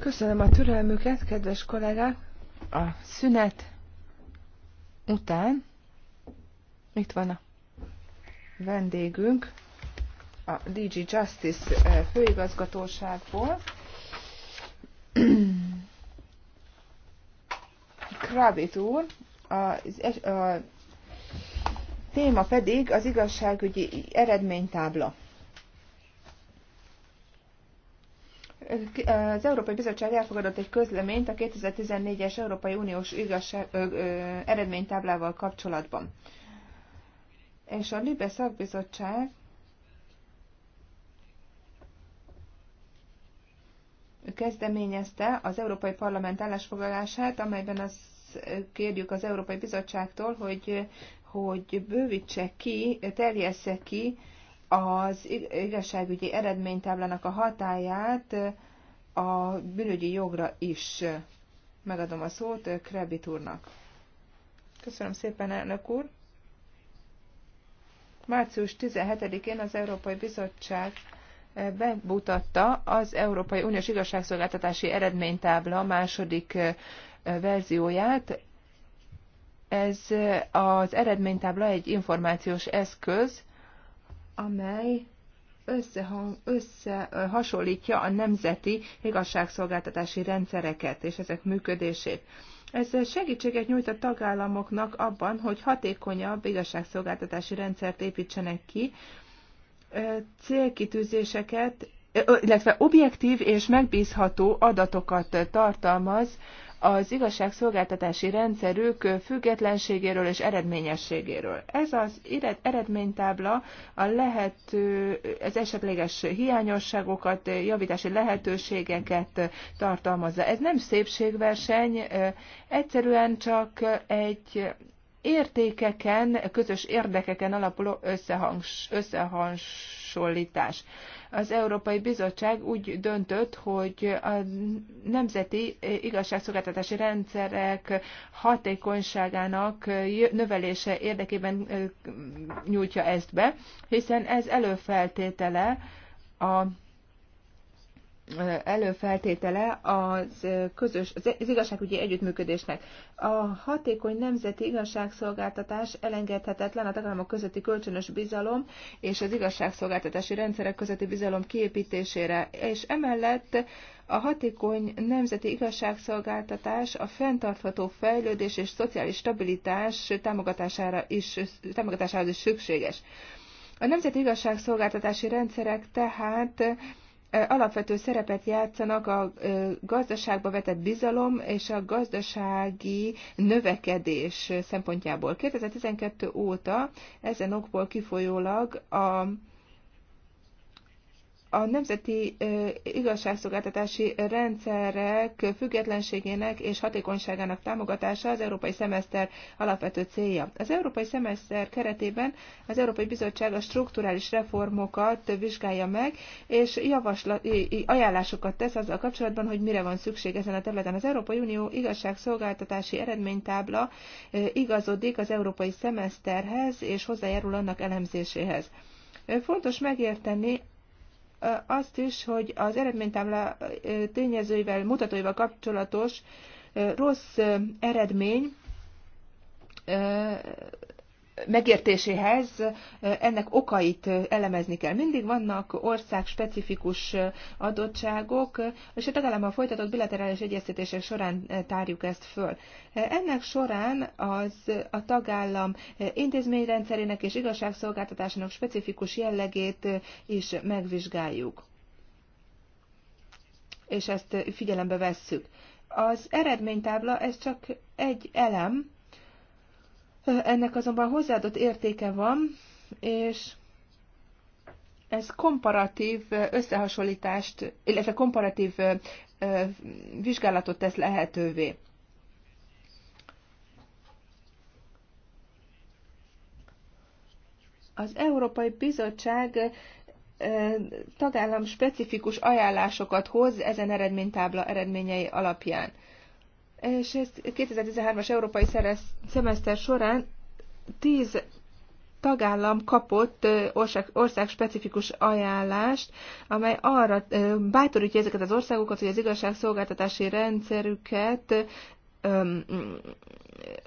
Köszönöm a türelmüket, kedves kollégák. A szünet után itt van a vendégünk a DG Justice eh, főigazgatóságból. Kravit úr, a, a téma pedig az igazságügyi eredménytábla. az Európai Bizottság elfogadott egy közleményt a 2014-es Európai Uniós igazság, ö, ö, eredménytáblával kapcsolatban. És a Libe szakbizottság kezdeményezte az Európai Parlament állásfoglalását, amelyben az kérjük az Európai Bizottságtól, hogy, hogy bővítse ki, terjessze ki az igazságügyi eredménytáblának a hatáját a bűnügyi jogra is megadom a szót eh, Krebit úrnak. Köszönöm szépen, elnök úr! Március 17-én az Európai Bizottság eh, bemutatta az Európai Uniós Igazságszolgáltatási Eredménytábla második eh, verzióját. Ez az eredménytábla egy információs eszköz, amely összehang, összehasonlítja a nemzeti igazságszolgáltatási rendszereket és ezek működését. Ez segítséget nyújt a tagállamoknak abban, hogy hatékonyabb igazságszolgáltatási rendszert építsenek ki, célkitűzéseket, illetve objektív és megbízható adatokat tartalmaz az igazságszolgáltatási rendszerük függetlenségéről és eredményességéről. Ez az eredménytábla a lehető, az esetleges hiányosságokat, javítási lehetőségeket tartalmazza. Ez nem szépségverseny, egyszerűen csak egy értékeken, közös érdekeken alapuló összehangs, összehasonlítás. Az Európai Bizottság úgy döntött, hogy a nemzeti igazságszolgáltatási rendszerek hatékonyságának növelése érdekében nyújtja ezt be, hiszen ez előfeltétele a előfeltétele az közös, az igazságügyi együttműködésnek. A hatékony nemzeti igazságszolgáltatás elengedhetetlen a tagállamok közötti kölcsönös bizalom és az igazságszolgáltatási rendszerek közötti bizalom kiépítésére, és emellett a hatékony nemzeti igazságszolgáltatás a fenntartható fejlődés és szociális stabilitás támogatására is, támogatásához is szükséges. A nemzeti igazságszolgáltatási rendszerek tehát alapvető szerepet játszanak a gazdaságba vetett bizalom és a gazdasági növekedés szempontjából. 2012 óta ezen okból kifolyólag a a nemzeti igazságszolgáltatási rendszerek függetlenségének és hatékonyságának támogatása az európai szemeszter alapvető célja. Az európai szemeszter keretében az Európai Bizottság a strukturális reformokat vizsgálja meg, és javaslat, ajánlásokat tesz azzal kapcsolatban, hogy mire van szükség ezen a területen. Az Európai Unió igazságszolgáltatási eredménytábla igazodik az európai szemeszterhez, és hozzájárul annak elemzéséhez. Fontos megérteni azt is, hogy az eredménytámla tényezőivel, mutatóival kapcsolatos rossz eredmény megértéséhez ennek okait elemezni kell. Mindig vannak ország specifikus adottságok, és a folytatott bilaterális egyeztetések során tárjuk ezt föl. Ennek során az a tagállam intézményrendszerének és igazságszolgáltatásának specifikus jellegét is megvizsgáljuk. És ezt figyelembe vesszük. Az eredménytábla, ez csak egy elem, ennek azonban hozzáadott értéke van, és ez komparatív összehasonlítást, illetve komparatív vizsgálatot tesz lehetővé. Az Európai Bizottság tagállam specifikus ajánlásokat hoz ezen eredménytábla eredményei alapján és ezt 2013-as európai szemeszter során 10 tagállam kapott ország, ország specifikus ajánlást, amely arra bátorítja ezeket az országokat, hogy az igazságszolgáltatási rendszerüket öm,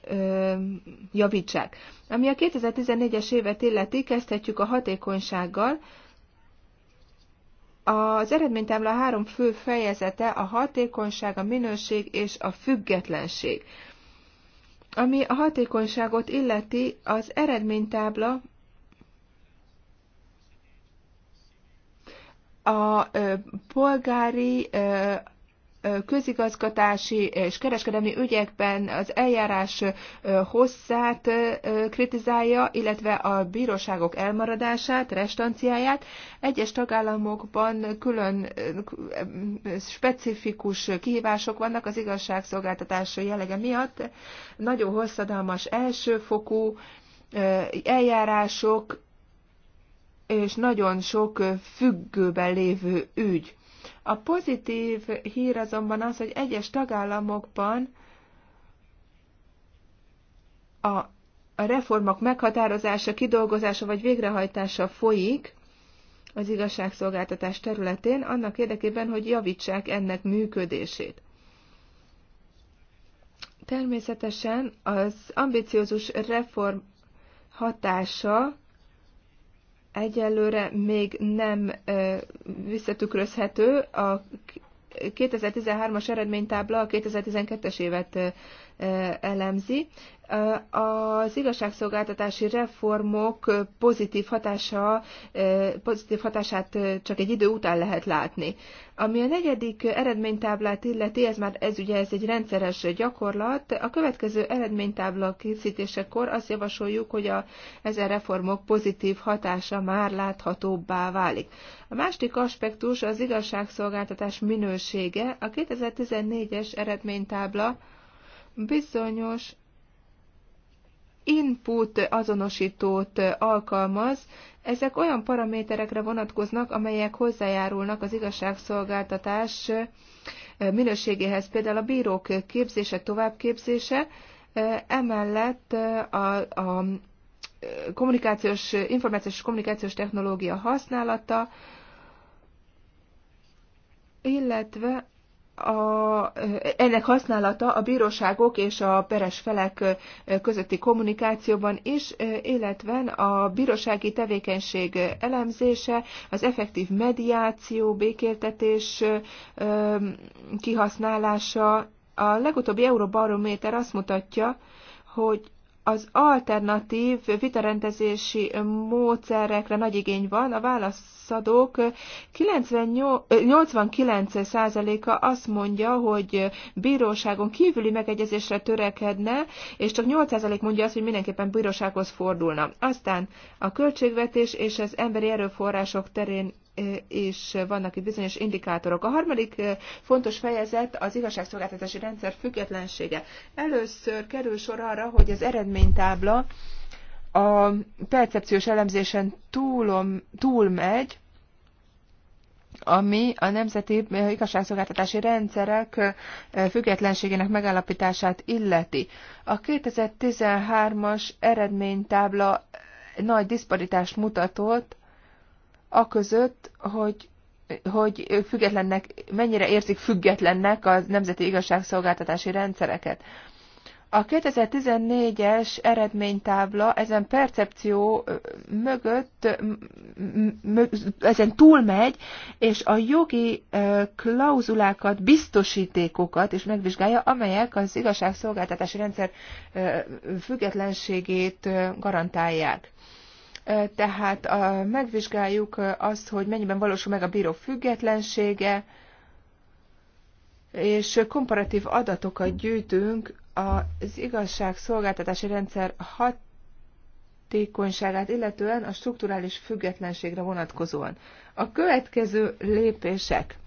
öm, javítsák. Ami a 2014-es évet illeti, kezdhetjük a hatékonysággal. Az eredménytábla három fő fejezete a hatékonyság, a minőség és a függetlenség. Ami a hatékonyságot illeti, az eredménytábla a polgári közigazgatási és kereskedelmi ügyekben az eljárás hosszát kritizálja, illetve a bíróságok elmaradását, restanciáját. Egyes tagállamokban külön specifikus kihívások vannak az igazságszolgáltatás jellege miatt. Nagyon hosszadalmas elsőfokú eljárások és nagyon sok függőben lévő ügy a pozitív hír azonban az, hogy egyes tagállamokban a a reformok meghatározása, kidolgozása vagy végrehajtása folyik az igazságszolgáltatás területén, annak érdekében, hogy javítsák ennek működését. Természetesen az ambiciózus reform hatása egyelőre még nem visszatükrözhető a 2013-as eredménytábla a 2012-es évet elemzi. Az igazságszolgáltatási reformok pozitív, hatása, pozitív hatását csak egy idő után lehet látni. Ami a negyedik eredménytáblát illeti, ez már ez ugye ez egy rendszeres gyakorlat. A következő eredménytábla készítésekor azt javasoljuk, hogy a, ezen reformok pozitív hatása már láthatóbbá válik. A másik aspektus az igazságszolgáltatás minősége. A 2014-es eredménytábla bizonyos input azonosítót alkalmaz, ezek olyan paraméterekre vonatkoznak, amelyek hozzájárulnak az igazságszolgáltatás minőségéhez, például a bírók képzése, továbbképzése, emellett a, a kommunikációs, információs és kommunikációs technológia használata, illetve a, ennek használata a bíróságok és a peres felek közötti kommunikációban is, illetve a bírósági tevékenység elemzése, az effektív mediáció, békéltetés kihasználása. A legutóbbi Eurobarométer azt mutatja, hogy az alternatív vitarendezési módszerekre nagy igény van. A válaszadók 89%-a azt mondja, hogy bíróságon kívüli megegyezésre törekedne, és csak 8% mondja azt, hogy mindenképpen bírósághoz fordulna. Aztán a költségvetés és az emberi erőforrások terén és vannak itt bizonyos indikátorok. A harmadik fontos fejezet az igazságszolgáltatási rendszer függetlensége. Először kerül sor arra, hogy az eredménytábla a percepciós elemzésen túlom, túl megy, ami a nemzeti igazságszolgáltatási rendszerek függetlenségének megállapítását illeti. A 2013-as eredménytábla nagy diszparitást mutatott aközött, hogy hogy függetlennek, mennyire érzik függetlennek a nemzeti igazságszolgáltatási rendszereket. A 2014-es eredménytábla ezen percepció mögött, ezen túlmegy, és a jogi klauzulákat, biztosítékokat is megvizsgálja, amelyek az igazságszolgáltatási rendszer függetlenségét garantálják tehát megvizsgáljuk azt, hogy mennyiben valósul meg a bíró függetlensége, és komparatív adatokat gyűjtünk az igazságszolgáltatási rendszer hatékonyságát, illetően a strukturális függetlenségre vonatkozóan. A következő lépések.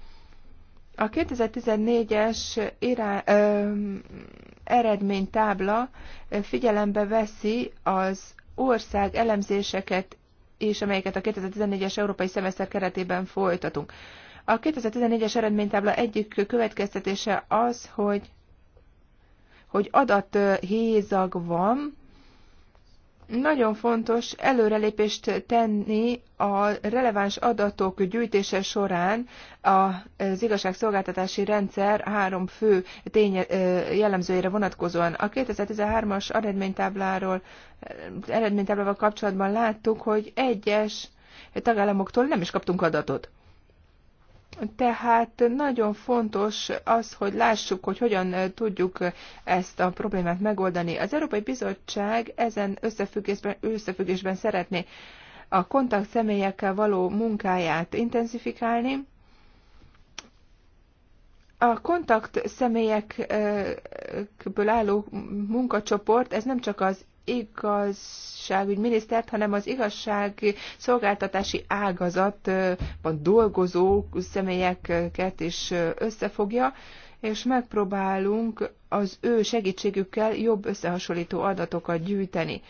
A 2014-es eredménytábla figyelembe veszi az ország elemzéseket is, amelyeket a 2014-es európai szemeszter keretében folytatunk. A 2014-es eredménytábla egyik következtetése az, hogy, hogy adathézag van, nagyon fontos előrelépést tenni a releváns adatok gyűjtése során az igazságszolgáltatási rendszer három fő tény jellemzőjére vonatkozóan. A 2013-as eredménytábláról, eredménytáblával kapcsolatban láttuk, hogy egyes tagállamoktól nem is kaptunk adatot. Tehát nagyon fontos az, hogy lássuk, hogy hogyan tudjuk ezt a problémát megoldani. Az Európai Bizottság ezen összefüggésben, összefüggésben szeretné a kontakt személyekkel való munkáját intenzifikálni. A kontakt személyekből álló munkacsoport, ez nem csak az igazságügyminisztert, hanem az igazság szolgáltatási ágazatban dolgozó személyeket is összefogja, és megpróbálunk az ő segítségükkel jobb összehasonlító adatokat gyűjteni.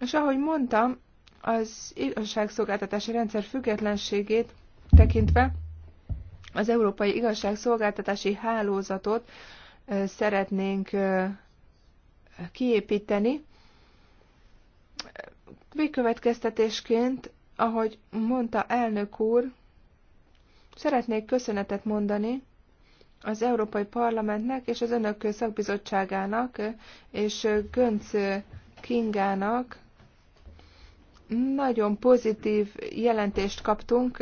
És ahogy mondtam, az igazságszolgáltatási rendszer függetlenségét tekintve az Európai Igazságszolgáltatási Hálózatot szeretnénk kiépíteni, Végkövetkeztetésként, ahogy mondta elnök úr, szeretnék köszönetet mondani az Európai Parlamentnek és az Önök szakbizottságának és Gönc Kingának. Nagyon pozitív jelentést kaptunk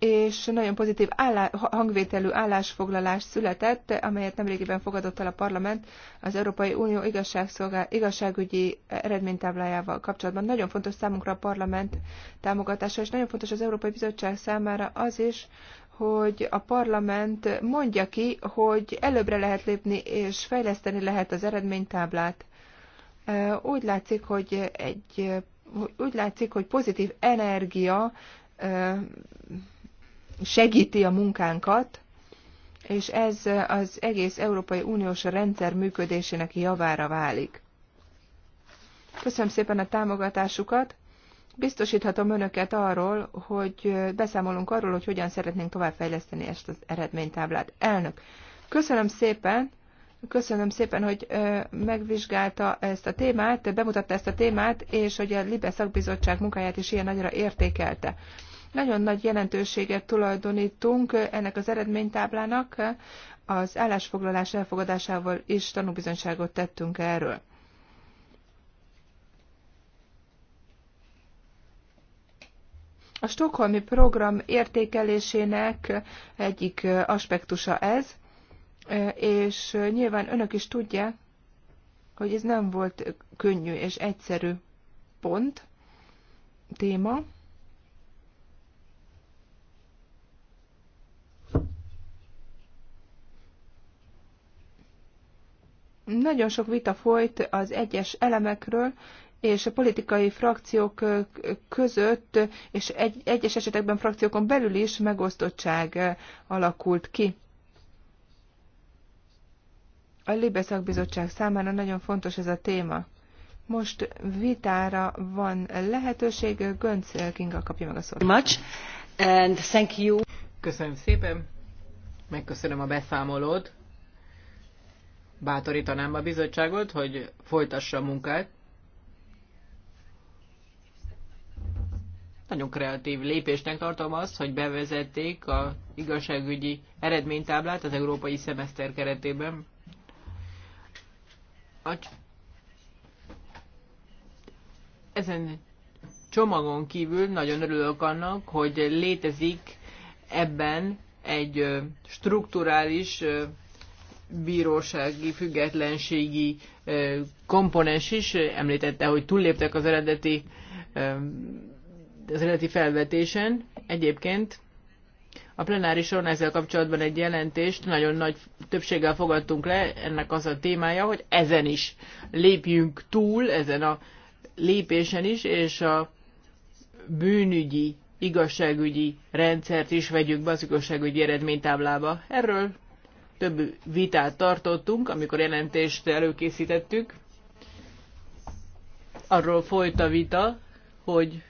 és nagyon pozitív állá, hangvételű állásfoglalás született, amelyet nemrégiben fogadott el a parlament az Európai Unió igazságügyi eredménytáblájával kapcsolatban. Nagyon fontos számunkra a parlament támogatása, és nagyon fontos az Európai Bizottság számára az is, hogy a parlament mondja ki, hogy előbbre lehet lépni, és fejleszteni lehet az eredménytáblát. Úgy látszik, hogy egy úgy látszik, hogy pozitív energia segíti a munkánkat, és ez az egész Európai Uniós rendszer működésének javára válik. Köszönöm szépen a támogatásukat. Biztosíthatom önöket arról, hogy beszámolunk arról, hogy hogyan szeretnénk továbbfejleszteni ezt az eredménytáblát. Elnök, köszönöm szépen, köszönöm szépen, hogy megvizsgálta ezt a témát, bemutatta ezt a témát, és hogy a Libe szakbizottság munkáját is ilyen nagyra értékelte. Nagyon nagy jelentőséget tulajdonítunk ennek az eredménytáblának, az állásfoglalás elfogadásával is tanúbizonyságot tettünk erről. A Stockholmi program értékelésének egyik aspektusa ez, és nyilván önök is tudják, hogy ez nem volt könnyű és egyszerű pont, téma. Nagyon sok vita folyt az egyes elemekről, és a politikai frakciók között, és egy, egyes esetekben frakciókon belül is megosztottság alakult ki. A Libe szakbizottság számára nagyon fontos ez a téma. Most vitára van lehetőség. Gönc Kinga kapja meg a szót. thank you. Köszönöm szépen. Megköszönöm a beszámolót bátorítanám a bizottságot, hogy folytassa a munkát. Nagyon kreatív lépésnek tartom azt, hogy bevezették a igazságügyi eredménytáblát az európai szemeszter keretében. A ezen csomagon kívül nagyon örülök annak, hogy létezik ebben egy strukturális bírósági függetlenségi komponens is. Említette, hogy túlléptek az eredeti, az eredeti felvetésen. Egyébként a plenárison ezzel kapcsolatban egy jelentést nagyon nagy többséggel fogadtunk le, ennek az a témája, hogy ezen is lépjünk túl, ezen a lépésen is, és a bűnügyi, igazságügyi rendszert is vegyük be az igazságügyi eredménytáblába. Erről több vitát tartottunk, amikor jelentést előkészítettük. Arról folyt a vita, hogy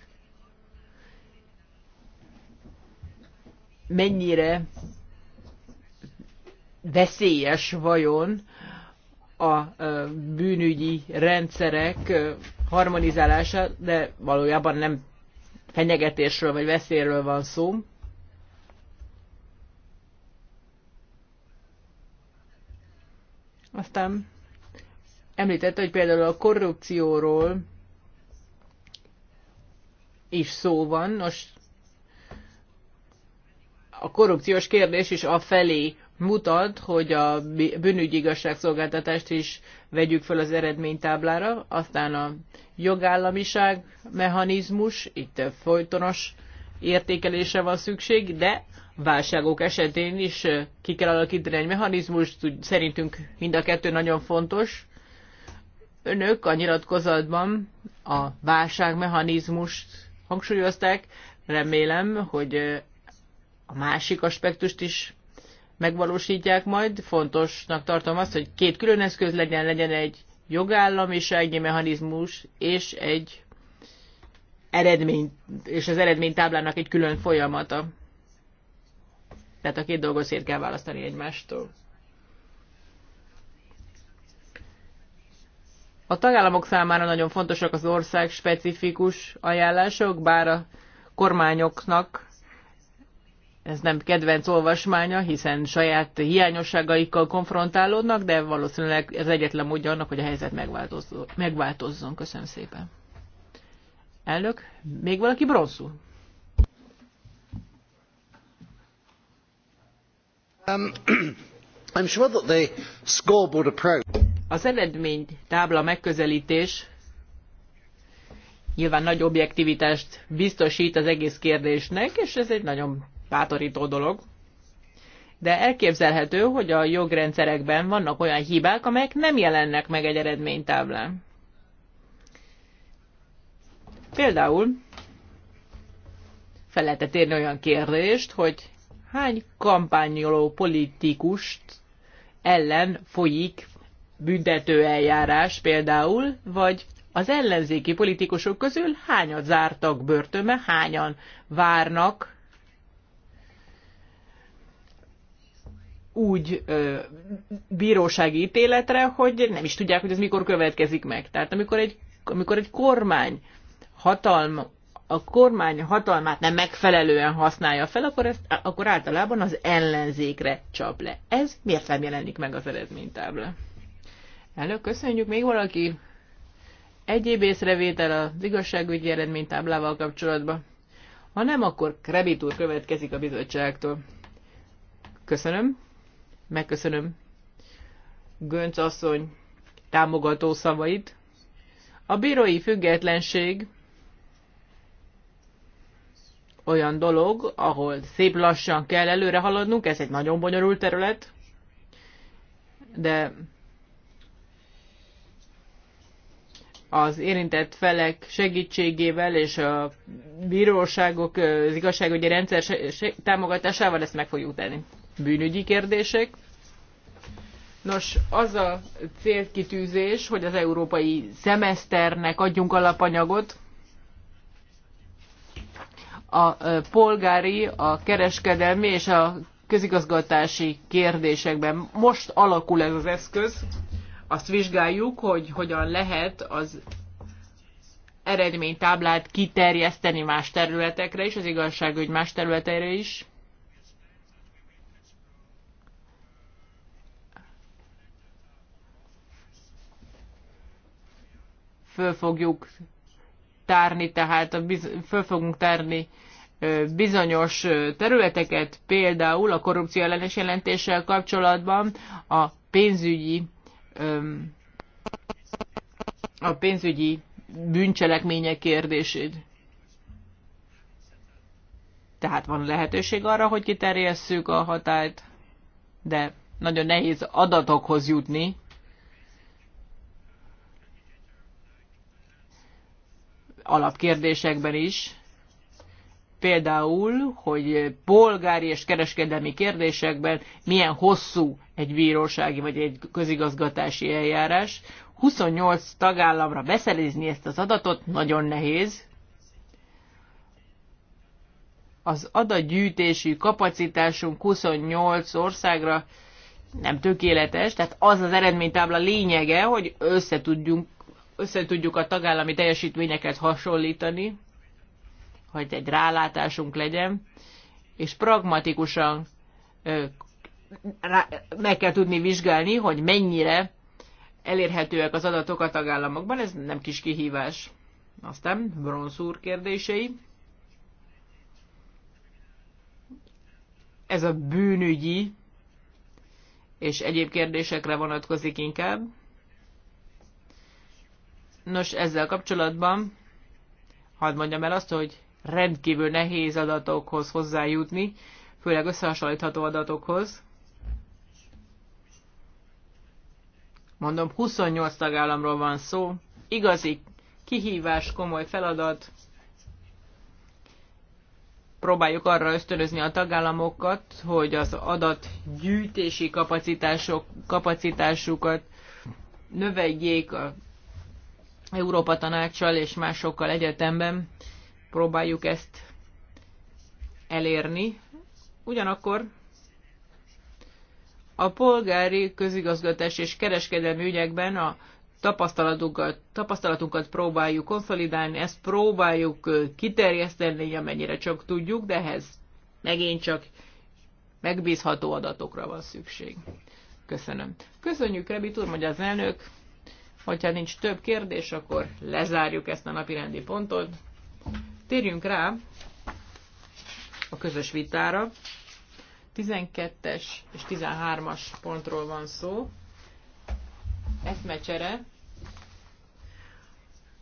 mennyire veszélyes vajon a bűnügyi rendszerek harmonizálása, de valójában nem fenyegetésről vagy veszélyről van szó. Aztán említette, hogy például a korrupcióról is szó van. Nos, a korrupciós kérdés is a felé mutat, hogy a bűnügyi igazságszolgáltatást is vegyük fel az eredménytáblára, aztán a jogállamiság mechanizmus, itt folytonos értékelése van szükség, de válságok esetén is ki kell alakítani egy mechanizmust, szerintünk mind a kettő nagyon fontos. Önök a nyilatkozatban a válságmechanizmust hangsúlyozták, remélem, hogy a másik aspektust is megvalósítják majd. Fontosnak tartom azt, hogy két külön eszköz legyen, legyen egy jogállamisági mechanizmus és egy eredmény, és az eredménytáblának egy külön folyamata. Tehát a két dolgot szét kell választani egymástól. A tagállamok számára nagyon fontosak az ország specifikus ajánlások, bár a kormányoknak ez nem kedvenc olvasmánya, hiszen saját hiányosságaikkal konfrontálódnak, de valószínűleg ez egyetlen módja annak, hogy a helyzet megváltozzon. Köszönöm szépen. Elnök, még valaki bronzul? Um, az eredménytábla megközeltés nyilván nagy objektivitást biztosít az egész kérdésnek, és ez egy nagyon bátorító dolog. De elképzelhető, hogy a jogrendszerekben vannak olyan hibák, amelyek nem jelennek meg egy eredménytáblán. Például fel lehetett érni olyan kérdést, hogy hány kampányoló politikust ellen folyik büntető eljárás például, vagy az ellenzéki politikusok közül hányat zártak börtönbe, hányan várnak úgy ö, bírósági ítéletre, hogy nem is tudják, hogy ez mikor következik meg. Tehát amikor egy, amikor egy kormány hatalma, a kormány hatalmát nem megfelelően használja fel, akkor, ezt, akkor általában az ellenzékre csap le. Ez miért nem jelenik meg az eredménytábla? Elnök, köszönjük. Még valaki egyéb észrevétel az igazságügyi eredménytáblával kapcsolatban? Ha nem, akkor kreditúr következik a bizottságtól. Köszönöm. Megköszönöm Gönc asszony támogató szavait. A bírói függetlenség olyan dolog, ahol szép lassan kell előre haladnunk, ez egy nagyon bonyolult terület, de az érintett felek segítségével és a bíróságok, az igazságügyi rendszer támogatásával ezt meg fogjuk tenni. Bűnügyi kérdések. Nos, az a célkitűzés, hogy az európai szemeszternek adjunk alapanyagot, a polgári, a kereskedelmi és a közigazgatási kérdésekben. Most alakul ez az eszköz, azt vizsgáljuk, hogy hogyan lehet az eredménytáblát kiterjeszteni más területekre is, az igazság, hogy más területeire is. Föl fogjuk tárni, tehát a biz- föl fogunk tárni bizonyos területeket, például a korrupció ellenes jelentéssel kapcsolatban a pénzügyi a pénzügyi bűncselekmények kérdését. Tehát van lehetőség arra, hogy kiterjesszük a hatályt, de nagyon nehéz adatokhoz jutni, alapkérdésekben is, például, hogy polgári és kereskedelmi kérdésekben milyen hosszú egy bírósági vagy egy közigazgatási eljárás. 28 tagállamra beszerezni ezt az adatot nagyon nehéz. Az adatgyűjtési kapacitásunk 28 országra nem tökéletes, tehát az az eredménytábla lényege, hogy össze tudjunk össze tudjuk a tagállami teljesítményeket hasonlítani, hogy egy rálátásunk legyen, és pragmatikusan meg kell tudni vizsgálni, hogy mennyire elérhetőek az adatok a tagállamokban, ez nem kis kihívás. Aztán bronzúr kérdései. Ez a bűnügyi és egyéb kérdésekre vonatkozik inkább. Nos, ezzel kapcsolatban hadd mondjam el azt, hogy rendkívül nehéz adatokhoz hozzájutni, főleg összehasonlítható adatokhoz. Mondom, 28 tagállamról van szó, igazi kihívás, komoly feladat. Próbáljuk arra ösztönözni a tagállamokat, hogy az adatgyűjtési kapacitások, kapacitásukat növeljék, a Európa Tanácssal és másokkal egyetemben próbáljuk ezt elérni. Ugyanakkor a polgári közigazgatás és kereskedelmi ügyekben a tapasztalatunkat, tapasztalatunkat próbáljuk konszolidálni, ezt próbáljuk kiterjeszteni, amennyire csak tudjuk, de ehhez megint csak megbízható adatokra van szükség. Köszönöm. Köszönjük, Rebit úr, mondja az elnök. Hogyha nincs több kérdés, akkor lezárjuk ezt a napirendi pontot. Térjünk rá a közös vitára. 12-es és 13-as pontról van szó. mecsere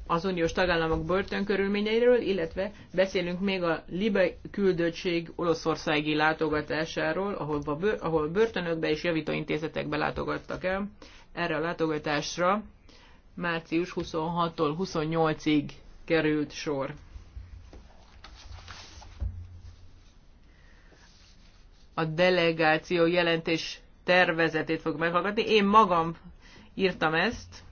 az uniós tagállamok börtönkörülményeiről, illetve beszélünk még a Libe küldöttség olaszországi látogatásáról, ahol, a ahol börtönökbe és javítóintézetekbe látogattak el. Erre a látogatásra március 26-tól 28-ig került sor. A delegáció jelentés tervezetét fog meghallgatni. Én magam írtam ezt,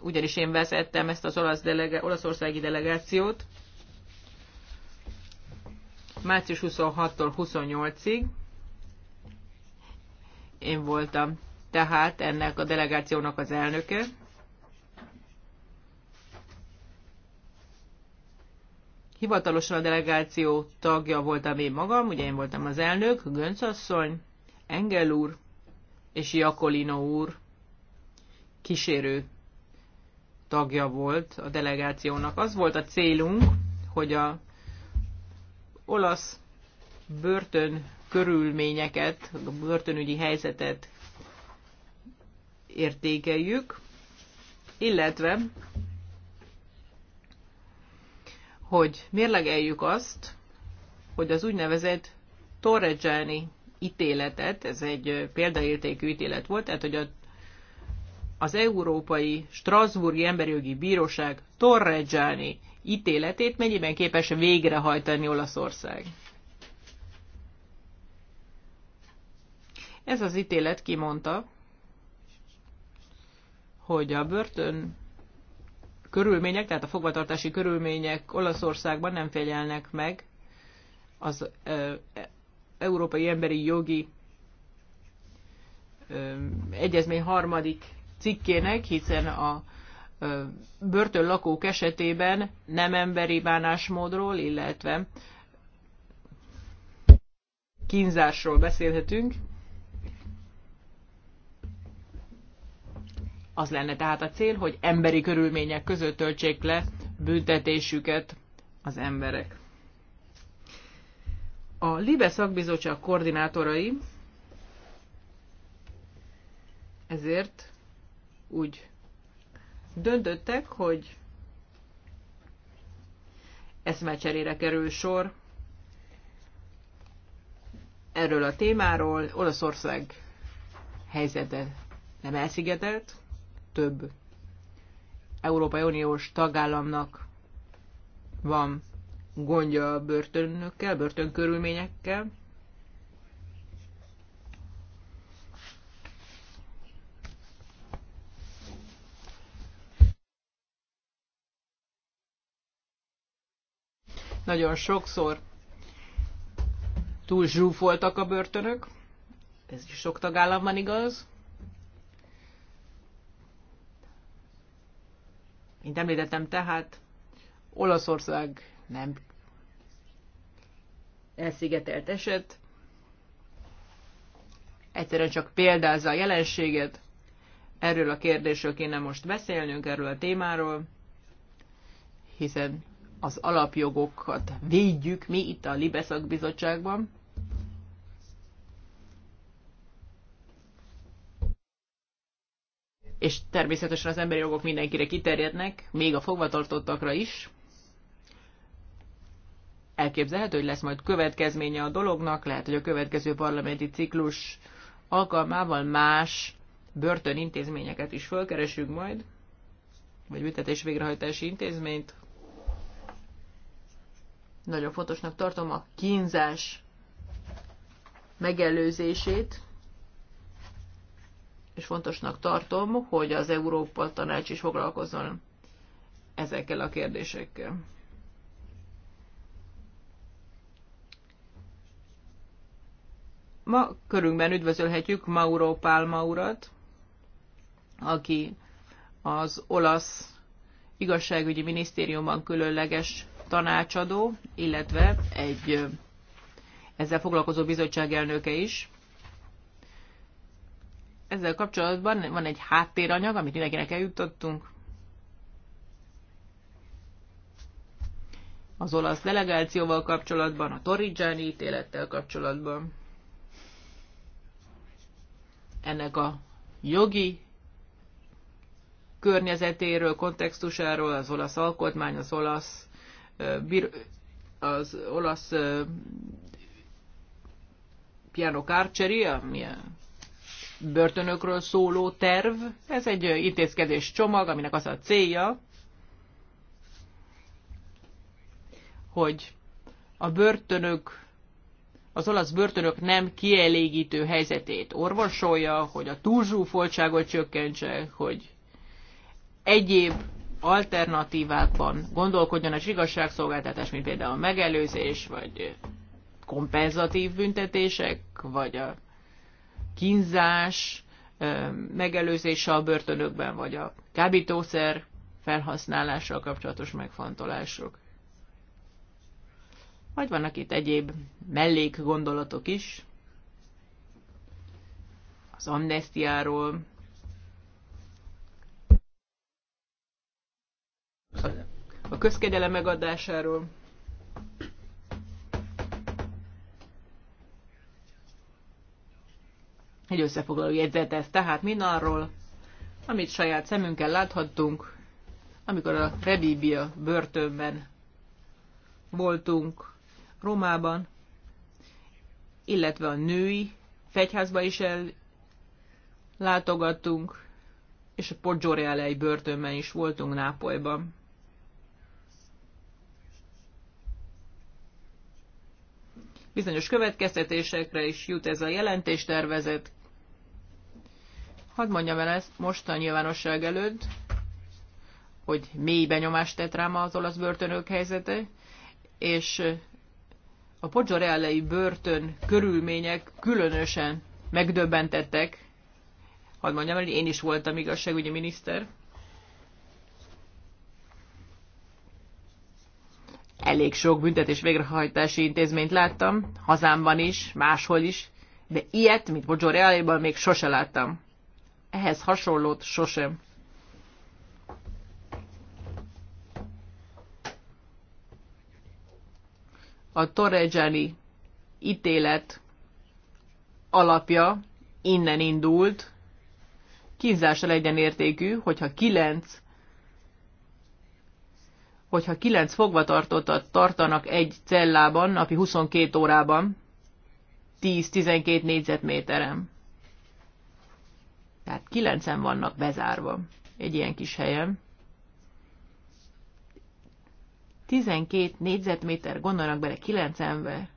ugyanis én vezettem ezt az olasz delege, olaszországi delegációt március 26-tól 28-ig. Én voltam tehát ennek a delegációnak az elnöke. Hivatalosan a delegáció tagja voltam én magam, ugye én voltam az elnök, Gönc asszony, Engel úr és Jakolino úr kísérő tagja volt a delegációnak. Az volt a célunk, hogy a olasz börtön körülményeket, a börtönügyi helyzetet értékeljük, illetve hogy mérlegeljük azt, hogy az úgynevezett Torreggiani ítéletet, ez egy példaértékű ítélet volt, tehát hogy a, az Európai Strasburgi Emberjogi Bíróság Torreggiani ítéletét mennyiben képes végrehajtani Olaszország. Ez az ítélet kimondta, hogy a börtön körülmények, tehát a fogvatartási körülmények Olaszországban nem fegyelnek meg az e, Európai Emberi Jogi e, Egyezmény harmadik cikkének, hiszen a börtön börtönlakók esetében nem emberi bánásmódról, illetve kínzásról beszélhetünk. Az lenne tehát a cél, hogy emberi körülmények között töltsék le büntetésüket az emberek. A LIBE szakbizottság koordinátorai ezért úgy döntöttek, hogy eszmecserére kerül sor erről a témáról. Olaszország helyzete nem elszigetelt, több Európai Uniós tagállamnak van gondja a börtönökkel, börtönkörülményekkel. Nagyon sokszor túl zsúfoltak a börtönök, ez is sok tagállamban igaz. Mint említettem, tehát Olaszország nem elszigetelt eset. Egyszerűen csak példázza a jelenséget. Erről a kérdésről kéne most beszélnünk, erről a témáról, hiszen az alapjogokat védjük mi itt a Libeszak bizottságban. és természetesen az emberi jogok mindenkire kiterjednek, még a fogvatartottakra is. Elképzelhető, hogy lesz majd következménye a dolognak, lehet, hogy a következő parlamenti ciklus alkalmával más börtönintézményeket is fölkeresünk majd, vagy büntetés végrehajtási intézményt. Nagyon fontosnak tartom a kínzás megelőzését, és fontosnak tartom, hogy az Európa Tanács is foglalkozzon ezekkel a kérdésekkel. Ma körünkben üdvözölhetjük Mauro Pálma urat, aki az olasz igazságügyi minisztériumban különleges tanácsadó, illetve egy ezzel foglalkozó bizottság elnöke is ezzel kapcsolatban van egy háttéranyag, amit mindenkinek eljutottunk. Az olasz delegációval kapcsolatban, a Torrigiani ítélettel kapcsolatban. Ennek a jogi környezetéről, kontextusáról, az olasz alkotmány, az olasz, az olasz piano carceri, ami börtönökről szóló terv. Ez egy intézkedés csomag, aminek az a célja, hogy a börtönök, az olasz börtönök nem kielégítő helyzetét orvosolja, hogy a túlzsúfoltságot csökkentse, hogy egyéb alternatívákban gondolkodjon az igazságszolgáltatás, mint például a megelőzés, vagy kompenzatív büntetések, vagy a kínzás megelőzése a börtönökben, vagy a kábítószer felhasználással kapcsolatos megfontolások. Vagy vannak itt egyéb mellék gondolatok is, az amnestiáról, a közkedelem megadásáról. egy összefoglaló jegyzet ez. Tehát mindarról, amit saját szemünkkel láthattunk, amikor a Rebibia börtönben voltunk Rómában, illetve a női fegyházba is el látogattunk, és a Poggioreale börtönben is voltunk Nápolyban. Bizonyos következtetésekre is jut ez a jelentéstervezet, Hadd mondjam el ezt most a nyilvánosság előtt, hogy mély benyomást tett rám az olasz börtönök helyzete, és a Poggioreallei börtön körülmények különösen megdöbbentettek. Hadd mondjam el, hogy én is voltam igazságügyi miniszter. Elég sok büntetés végrehajtási intézményt láttam, hazámban is, máshol is, de ilyet, mint Poggiorealleiban még sose láttam ehhez hasonlót sosem. A Torrejani ítélet alapja innen indult, kínzásra legyen értékű, hogyha kilenc hogyha kilenc fogvatartottat tartanak egy cellában napi 22 órában, 10-12 négyzetméteren. Tehát kilencen vannak bezárva egy ilyen kis helyen. 12 négyzetméter, gondolnak bele kilenc ember.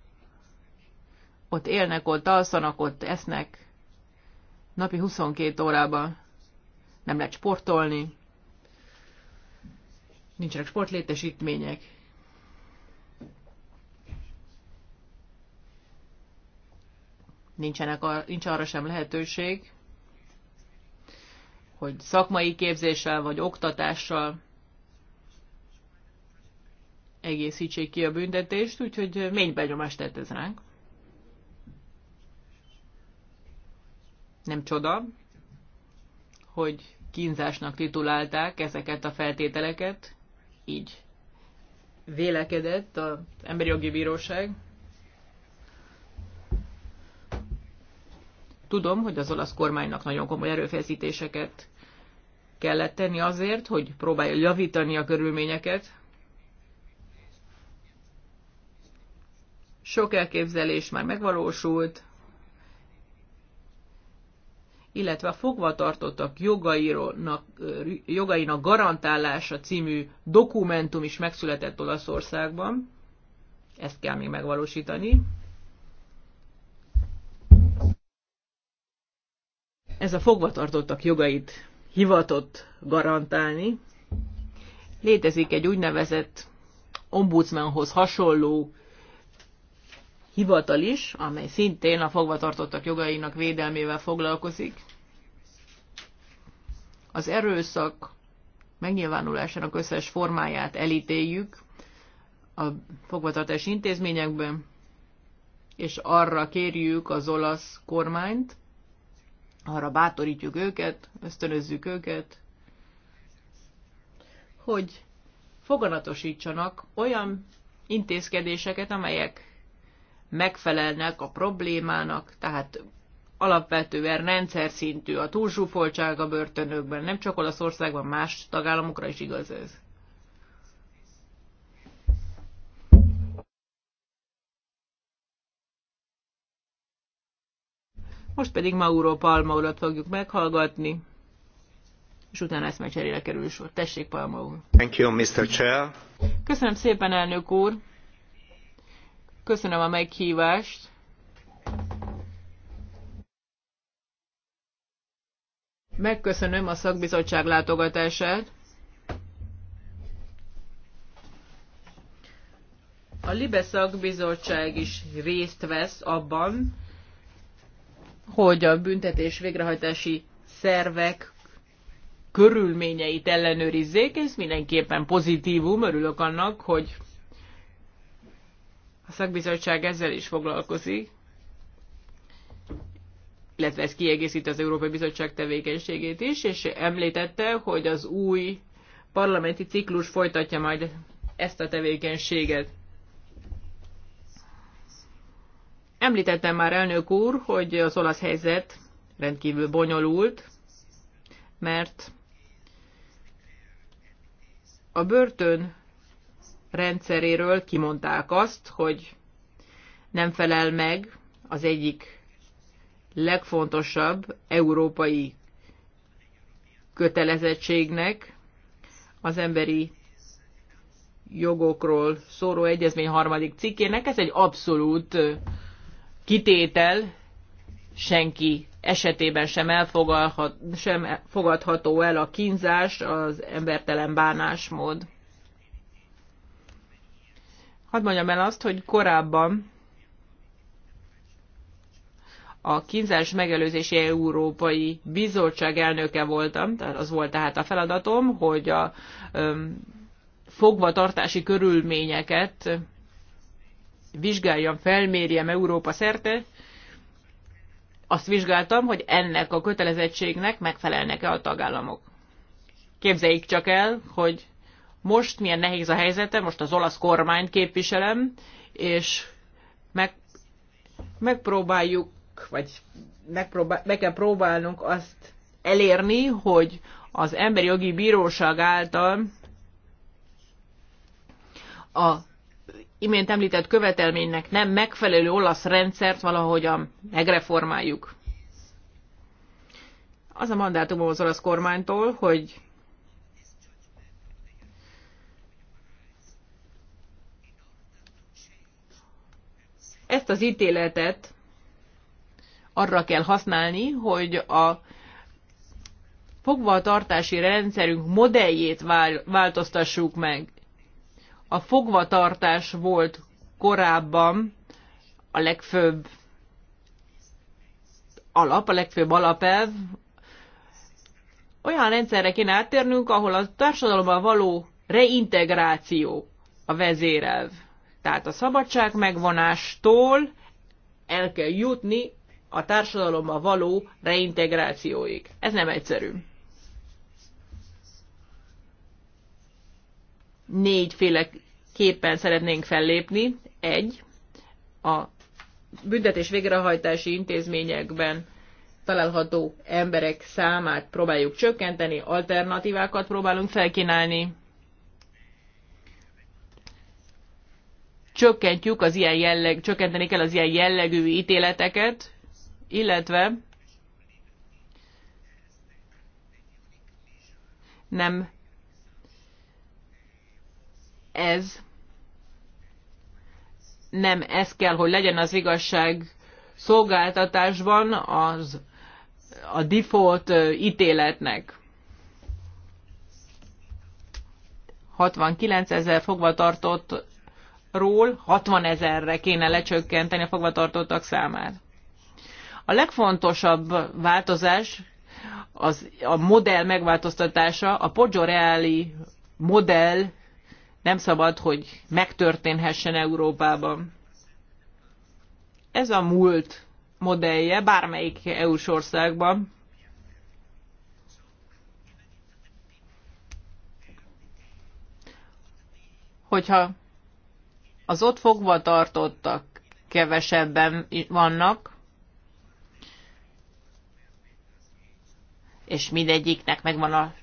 Ott élnek, ott alszanak, ott esznek. Napi 22 órában nem lehet sportolni. Nincsenek sportlétesítmények. Nincsenek, nincs arra sem lehetőség, hogy szakmai képzéssel vagy oktatással egészítsék ki a büntetést, úgyhogy mély benyomást tett ez ránk. Nem csoda, hogy kínzásnak titulálták ezeket a feltételeket, így vélekedett az Emberi Jogi Bíróság. Tudom, hogy az olasz kormánynak nagyon komoly erőfeszítéseket kellett tenni azért, hogy próbálja javítani a körülményeket. Sok elképzelés már megvalósult, illetve a fogvatartottak jogainak, jogainak garantálása című dokumentum is megszületett Olaszországban. Ezt kell még megvalósítani. Ez a fogvatartottak jogait hivatott garantálni. Létezik egy úgynevezett ombudsmanhoz hasonló hivatal is, amely szintén a fogvatartottak jogainak védelmével foglalkozik. Az erőszak megnyilvánulásának összes formáját elítéljük a fogvatartási intézményekben, és arra kérjük az olasz kormányt, arra bátorítjuk őket, ösztönözzük őket, hogy foganatosítsanak olyan intézkedéseket, amelyek megfelelnek a problémának, tehát alapvetően rendszer szintű a túlzsúfoltság a börtönökben, nem csak Olaszországban, más tagállamokra is igaz ez. Most pedig Mauro Palma urat fogjuk meghallgatni, és utána cserére kerül sor. Tessék, Palma úr! Thank you, Mr. Chair. Köszönöm szépen, elnök úr! Köszönöm a meghívást! Megköszönöm a szakbizottság látogatását. A Libe szakbizottság is részt vesz abban, hogy a büntetés végrehajtási szervek körülményeit ellenőrizzék, ez mindenképpen pozitívum, örülök annak, hogy a szakbizottság ezzel is foglalkozik, illetve ez kiegészít az Európai Bizottság tevékenységét is, és említette, hogy az új parlamenti ciklus folytatja majd ezt a tevékenységet. Említettem már elnök úr, hogy az olasz helyzet rendkívül bonyolult, mert a börtön rendszeréről kimondták azt, hogy nem felel meg az egyik legfontosabb európai kötelezettségnek az emberi jogokról szóró egyezmény harmadik cikkének. Ez egy abszolút kitétel senki esetében sem, sem fogadható el a kínzás, az embertelen bánásmód. Hadd mondjam el azt, hogy korábban a kínzás megelőzési Európai Bizottság elnöke voltam, tehát az volt tehát a feladatom, hogy a fogvatartási körülményeket vizsgáljam, felmérjem Európa szerte, azt vizsgáltam, hogy ennek a kötelezettségnek megfelelnek-e a tagállamok. Képzeljék csak el, hogy most milyen nehéz a helyzete, most az olasz kormányt képviselem, és meg, megpróbáljuk, vagy megpróbál, meg kell próbálnunk azt elérni, hogy az Emberi Jogi Bíróság által a imént említett követelménynek nem megfelelő olasz rendszert valahogyan megreformáljuk. Az a mandátum az olasz kormánytól, hogy ezt az ítéletet arra kell használni, hogy a fogvatartási rendszerünk modelljét változtassuk meg. A fogvatartás volt korábban a legfőbb alap, a legfőbb alapelv. Olyan rendszerre kéne áttérnünk, ahol a társadalomban való reintegráció a vezérelv. Tehát a szabadság megvonástól el kell jutni a társadalomba való reintegrációig. Ez nem egyszerű. négyféleképpen szeretnénk fellépni. Egy, a büntetés végrehajtási intézményekben található emberek számát próbáljuk csökkenteni, alternatívákat próbálunk felkínálni. Csökkentjük az ilyen jelleg, csökkenteni kell az ilyen jellegű ítéleteket, illetve nem ez nem ez kell, hogy legyen az igazság szolgáltatásban az a default ítéletnek. 69 ezer fogvatartottról 60 ezerre kéne lecsökkenteni a fogvatartottak számát. A legfontosabb változás az a modell megváltoztatása, a Poggioreali modell nem szabad, hogy megtörténhessen Európában. Ez a múlt modellje bármelyik EU-s országban. Hogyha az ott fogva tartottak kevesebben vannak, és mindegyiknek megvan a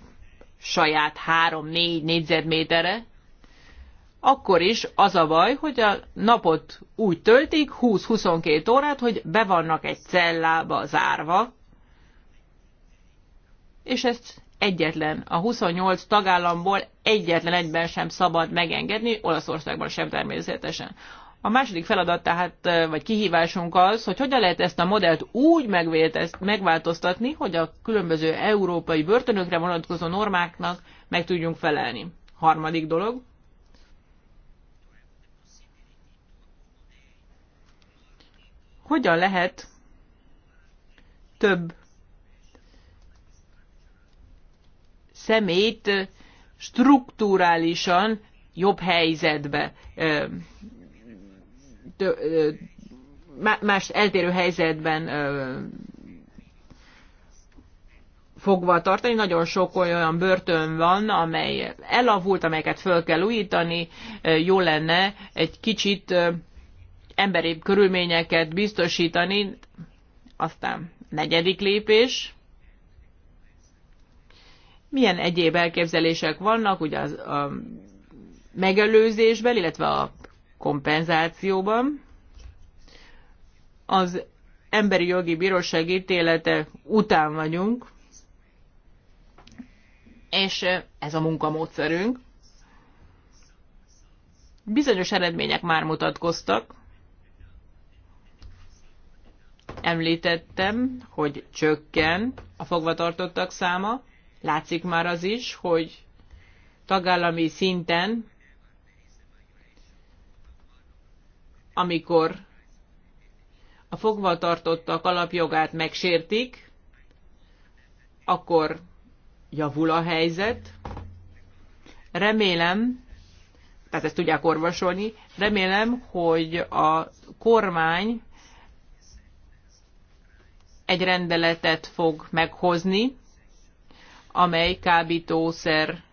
saját három-négy négyzetmétere, akkor is az a baj, hogy a napot úgy töltik, 20-22 órát, hogy be vannak egy cellába zárva, és ezt egyetlen, a 28 tagállamból egyetlen egyben sem szabad megengedni, Olaszországban sem természetesen. A második feladat tehát, vagy kihívásunk az, hogy hogyan lehet ezt a modellt úgy megváltoztatni, hogy a különböző európai börtönökre vonatkozó normáknak meg tudjunk felelni. Harmadik dolog, hogyan lehet több szemét struktúrálisan jobb helyzetbe, más eltérő helyzetben fogva tartani. Nagyon sok olyan börtön van, amely elavult, amelyeket föl kell újítani. Jó lenne egy kicsit emberi körülményeket biztosítani. Aztán negyedik lépés. Milyen egyéb elképzelések vannak ugye az, a megelőzésben, illetve a kompenzációban? Az emberi jogi bíróság ítélete után vagyunk, és ez a munkamódszerünk. Bizonyos eredmények már mutatkoztak, Említettem, hogy csökken a fogvatartottak száma. Látszik már az is, hogy tagállami szinten, amikor a fogvatartottak alapjogát megsértik, akkor javul a helyzet. Remélem, tehát ezt tudják orvosolni, remélem, hogy a kormány egy rendeletet fog meghozni, amely kábítószer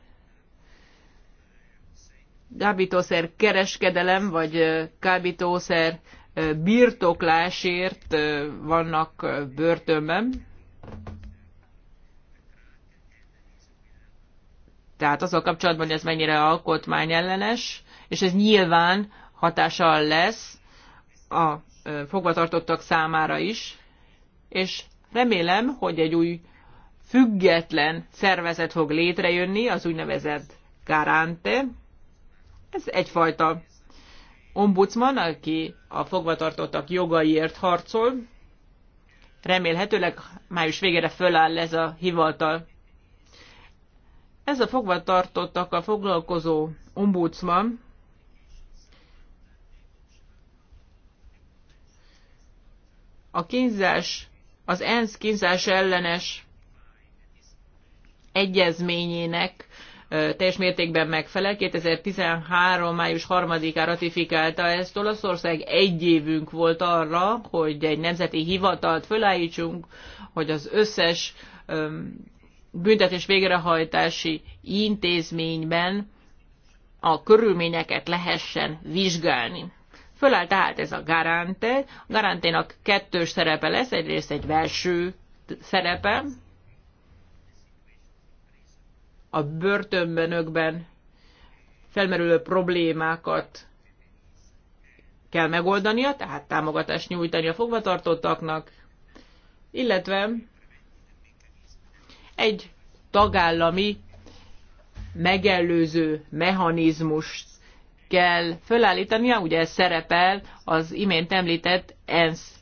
kábítószer kereskedelem, vagy kábítószer birtoklásért vannak börtönben. Tehát azzal kapcsolatban, hogy ez mennyire alkotmányellenes, és ez nyilván hatással lesz a fogvatartottak számára is és remélem, hogy egy új független szervezet fog létrejönni, az úgynevezett Garante. Ez egyfajta ombudsman, aki a fogvatartottak jogaiért harcol. Remélhetőleg május végére föláll ez a hivatal. Ez a fogvatartottakkal foglalkozó ombudsman a kínzás az ENSZ kínzás ellenes egyezményének teljes mértékben megfelel. 2013. május 3-án ratifikálta ezt Olaszország. Egy évünk volt arra, hogy egy nemzeti hivatalt fölállítsunk, hogy az összes büntetés végrehajtási intézményben a körülményeket lehessen vizsgálni. Föláll tehát ez a garante. A garanténak kettős szerepe lesz, egyrészt egy belső szerepe, a börtönben, ökben felmerülő problémákat kell megoldania, tehát támogatást nyújtani a fogvatartottaknak, illetve egy tagállami megelőző mechanizmus kell fölállítania, ugye ez szerepel az imént említett ENSZ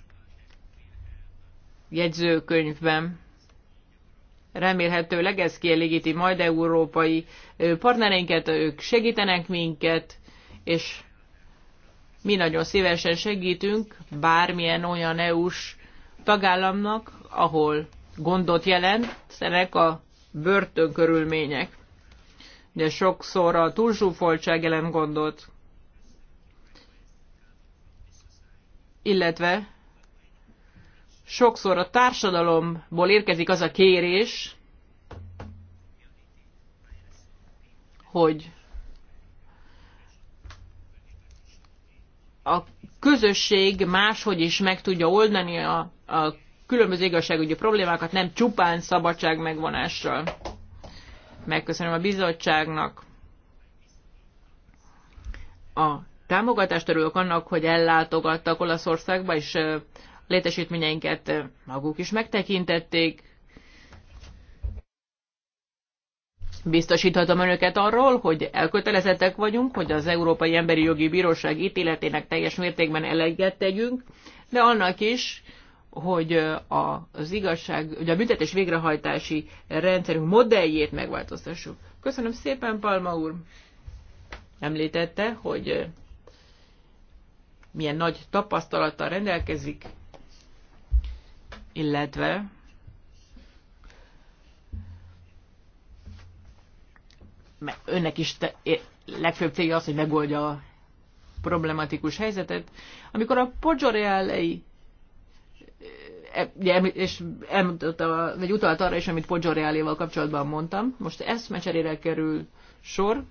jegyzőkönyvben. Remélhetőleg ez kielégíti majd európai partnereinket, ők segítenek minket, és mi nagyon szívesen segítünk bármilyen olyan EU-s tagállamnak, ahol gondot jelentenek a börtönkörülmények de sokszor a túlsúfoltság ellen gondot, illetve sokszor a társadalomból érkezik az a kérés, hogy a közösség máshogy is meg tudja oldani a, a különböző igazságügyi problémákat, nem csupán szabadság megvonással megköszönöm a bizottságnak a támogatást, örülök annak, hogy ellátogattak Olaszországba, és létesítményeinket maguk is megtekintették. Biztosíthatom önöket arról, hogy elkötelezettek vagyunk, hogy az Európai Emberi Jogi Bíróság ítéletének teljes mértékben eleget tegyünk, de annak is, hogy az igazság, ugye a büntetés végrehajtási rendszerünk modelljét megváltoztassuk. Köszönöm szépen, Palma úr! Említette, hogy milyen nagy tapasztalattal rendelkezik, illetve önnek is te, legfőbb célja az, hogy megoldja a problematikus helyzetet. Amikor a poggioreale E, és elmondta, vagy utalt arra is, amit Poggioreáléval kapcsolatban mondtam. Most ezt mecserére kerül sor.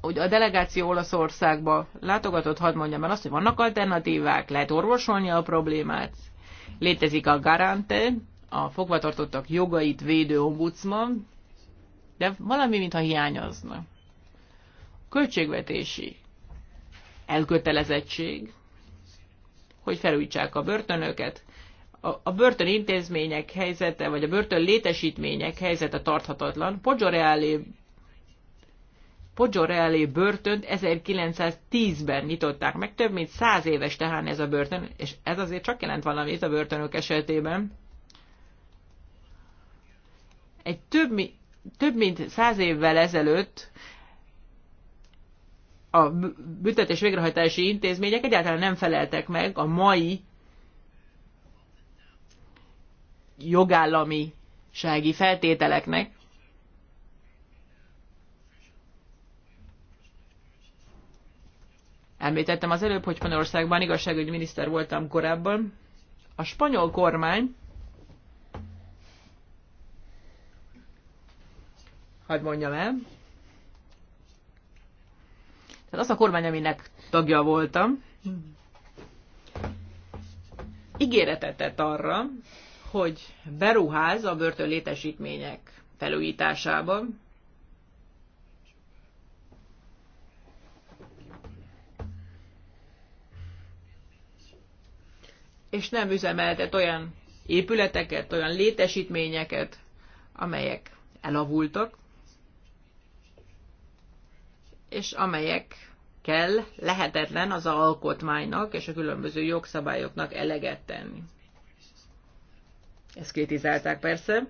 hogy a delegáció Olaszországba látogatott, hadd mondjam el azt, hogy vannak alternatívák, lehet orvosolni a problémát. Létezik a Garante, a fogvatartottak jogait védő ombudsman, de valami, mintha hiányozna. Költségvetési elkötelezettség, hogy felújítsák a börtönöket. A, a börtön intézmények helyzete, vagy a börtön létesítmények helyzete tarthatatlan. Poggioreale börtönt 1910-ben nyitották meg, több mint száz éves tehát ez a börtön, és ez azért csak jelent valamit a börtönök esetében. Egy több, több mint száz évvel ezelőtt a büntetés végrehajtási intézmények egyáltalán nem feleltek meg a mai jogállamisági feltételeknek. Említettem az előbb, hogy Spanyolországban igazságügyi miniszter voltam korábban. A spanyol kormány, hadd mondjam el, tehát az a kormány, aminek tagja voltam, ígéretet tett arra, hogy beruház a börtön létesítmények felújításába, és nem üzemeltet olyan épületeket, olyan létesítményeket, amelyek elavultak és amelyek kell, lehetetlen az alkotmánynak és a különböző jogszabályoknak eleget tenni. Ezt kritizálták persze.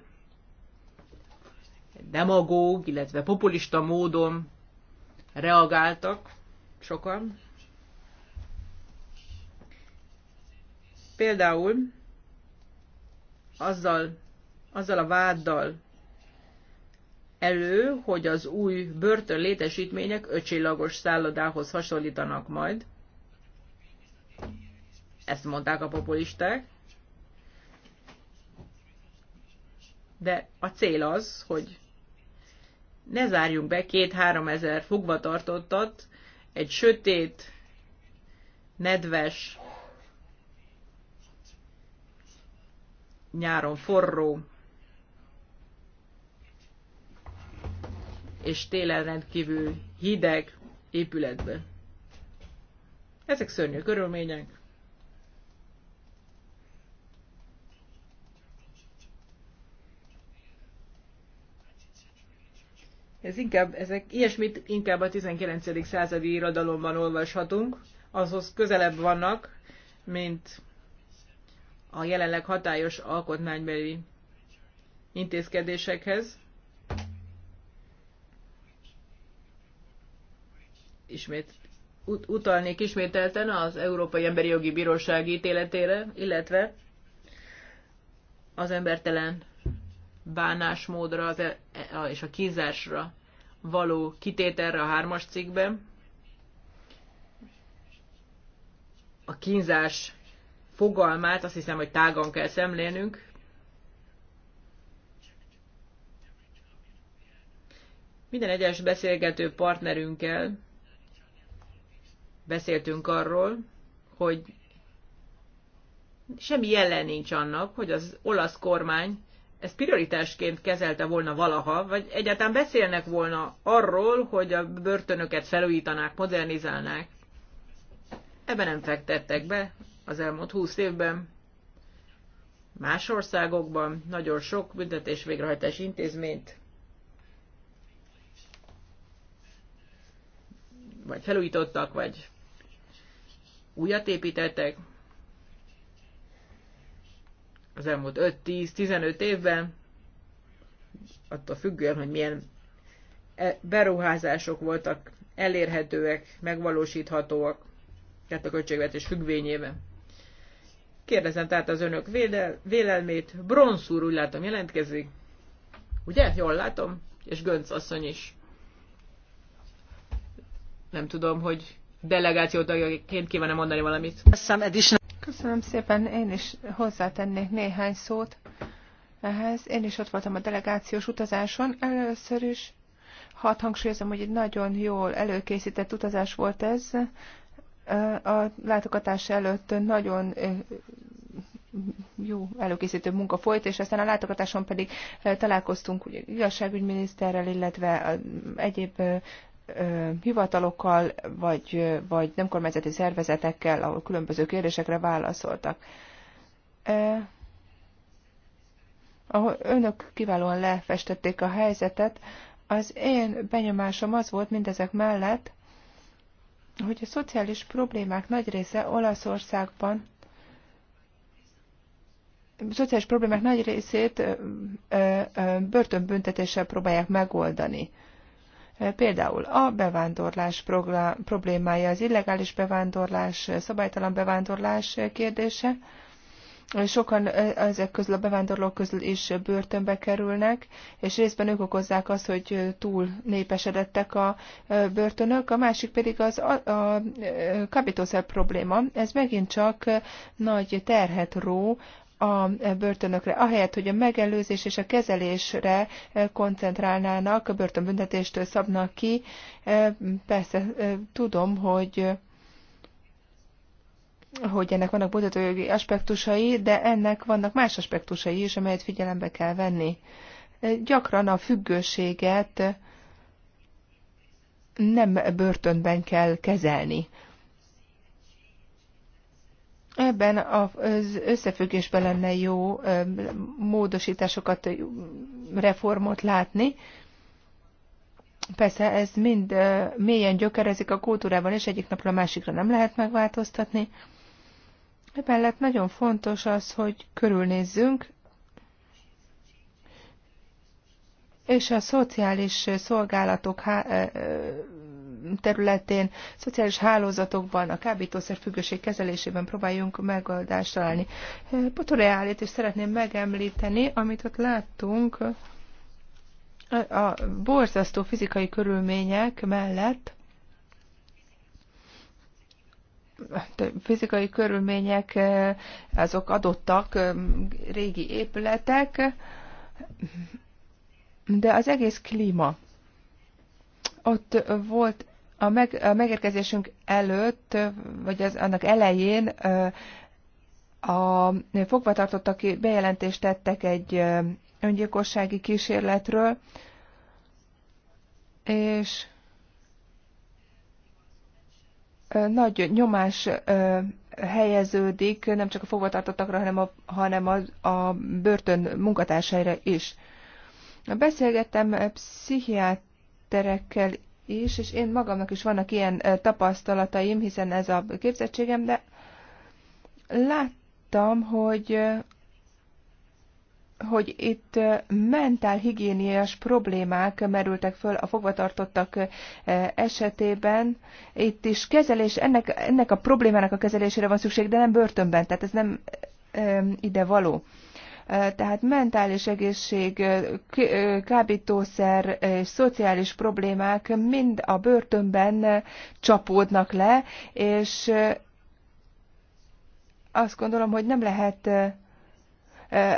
Demagóg, illetve populista módon reagáltak sokan. Például azzal, azzal a váddal elő, hogy az új börtön létesítmények öcsillagos szállodához hasonlítanak majd. Ezt mondták a populisták. De a cél az, hogy ne zárjunk be két-három ezer fogvatartottat egy sötét, nedves, nyáron forró és télen rendkívül hideg épületbe. Ezek szörnyű körülmények. Ez inkább, ezek, ilyesmit inkább a 19. századi irodalomban olvashatunk, azhoz közelebb vannak, mint a jelenleg hatályos alkotmánybeli intézkedésekhez. ismét ut- utalnék ismételten az Európai Emberi Jogi Bíróság ítéletére, illetve az embertelen bánásmódra az e-, e- és a kínzásra való kitételre a hármas cikkben. A kínzás fogalmát azt hiszem, hogy tágan kell szemlélnünk. Minden egyes beszélgető partnerünkkel beszéltünk arról, hogy semmi jelen nincs annak, hogy az olasz kormány ezt prioritásként kezelte volna valaha, vagy egyáltalán beszélnek volna arról, hogy a börtönöket felújítanák, modernizálnák. Ebben nem fektettek be az elmúlt húsz évben. Más országokban nagyon sok büntetés végrehajtás intézményt vagy felújítottak, vagy újat építettek az elmúlt 5-10-15 évben, attól függően, hogy milyen e, beruházások voltak elérhetőek, megvalósíthatóak, tehát a költségvetés függvényében. Kérdezem tehát az önök védel, vélelmét. Bronszúr úgy látom jelentkezik. Ugye? Jól látom? És Gönc asszony is. Nem tudom, hogy delegáció tagjaként kívánom mondani valamit. Köszönöm szépen, én is hozzátennék néhány szót ehhez. Én is ott voltam a delegációs utazáson. Először is hadd hangsúlyozom, hogy egy nagyon jól előkészített utazás volt ez. A látogatás előtt nagyon jó előkészítő munka folyt, és aztán a látogatáson pedig találkoztunk ugye, igazságügyminiszterrel, illetve egyéb hivatalokkal, vagy, vagy nem kormányzati szervezetekkel, ahol különböző kérdésekre válaszoltak. Ahol önök kiválóan lefestették a helyzetet, az én benyomásom az volt mindezek mellett, hogy a szociális problémák nagy része Olaszországban szociális problémák nagy részét börtönbüntetéssel próbálják megoldani. Például a bevándorlás problémája, az illegális bevándorlás, szabálytalan bevándorlás kérdése. Sokan ezek közül a bevándorlók közül is börtönbe kerülnek, és részben ők okozzák azt, hogy túl népesedettek a börtönök, a másik pedig az a, a kábítószer probléma. Ez megint csak nagy terhet ró a börtönökre, ahelyett, hogy a megelőzés és a kezelésre koncentrálnának, a börtönbüntetéstől szabnak ki. E, persze e, tudom, hogy hogy ennek vannak mutatójogi aspektusai, de ennek vannak más aspektusai is, amelyet figyelembe kell venni. E, gyakran a függőséget nem börtönben kell kezelni Ebben az összefüggésben lenne jó módosításokat, reformot látni. Persze ez mind mélyen gyökerezik a kultúrában, és egyik napra a másikra nem lehet megváltoztatni. Ebben lett nagyon fontos az, hogy körülnézzünk, és a szociális szolgálatok területén, szociális hálózatokban, a kábítószer függőség kezelésében próbáljunk megoldást találni. Potoreálét is szeretném megemlíteni, amit ott láttunk a borzasztó fizikai körülmények mellett, fizikai körülmények azok adottak, régi épületek, de az egész klíma. Ott volt a, meg, a megérkezésünk előtt, vagy az, annak elején a fogvatartottak bejelentést tettek egy öngyilkossági kísérletről, és nagy nyomás helyeződik nem csak a fogvatartottakra, hanem a, hanem a, a börtön munkatársaira is. Beszélgettem pszichiáterekkel is, és én magamnak is vannak ilyen tapasztalataim, hiszen ez a képzettségem, de láttam, hogy hogy itt mentálhigiéniás problémák merültek föl a fogvatartottak esetében. Itt is kezelés, ennek, ennek a problémának a kezelésére van szükség, de nem börtönben, tehát ez nem ide való tehát mentális egészség, kábítószer és szociális problémák mind a börtönben csapódnak le, és azt gondolom, hogy nem lehet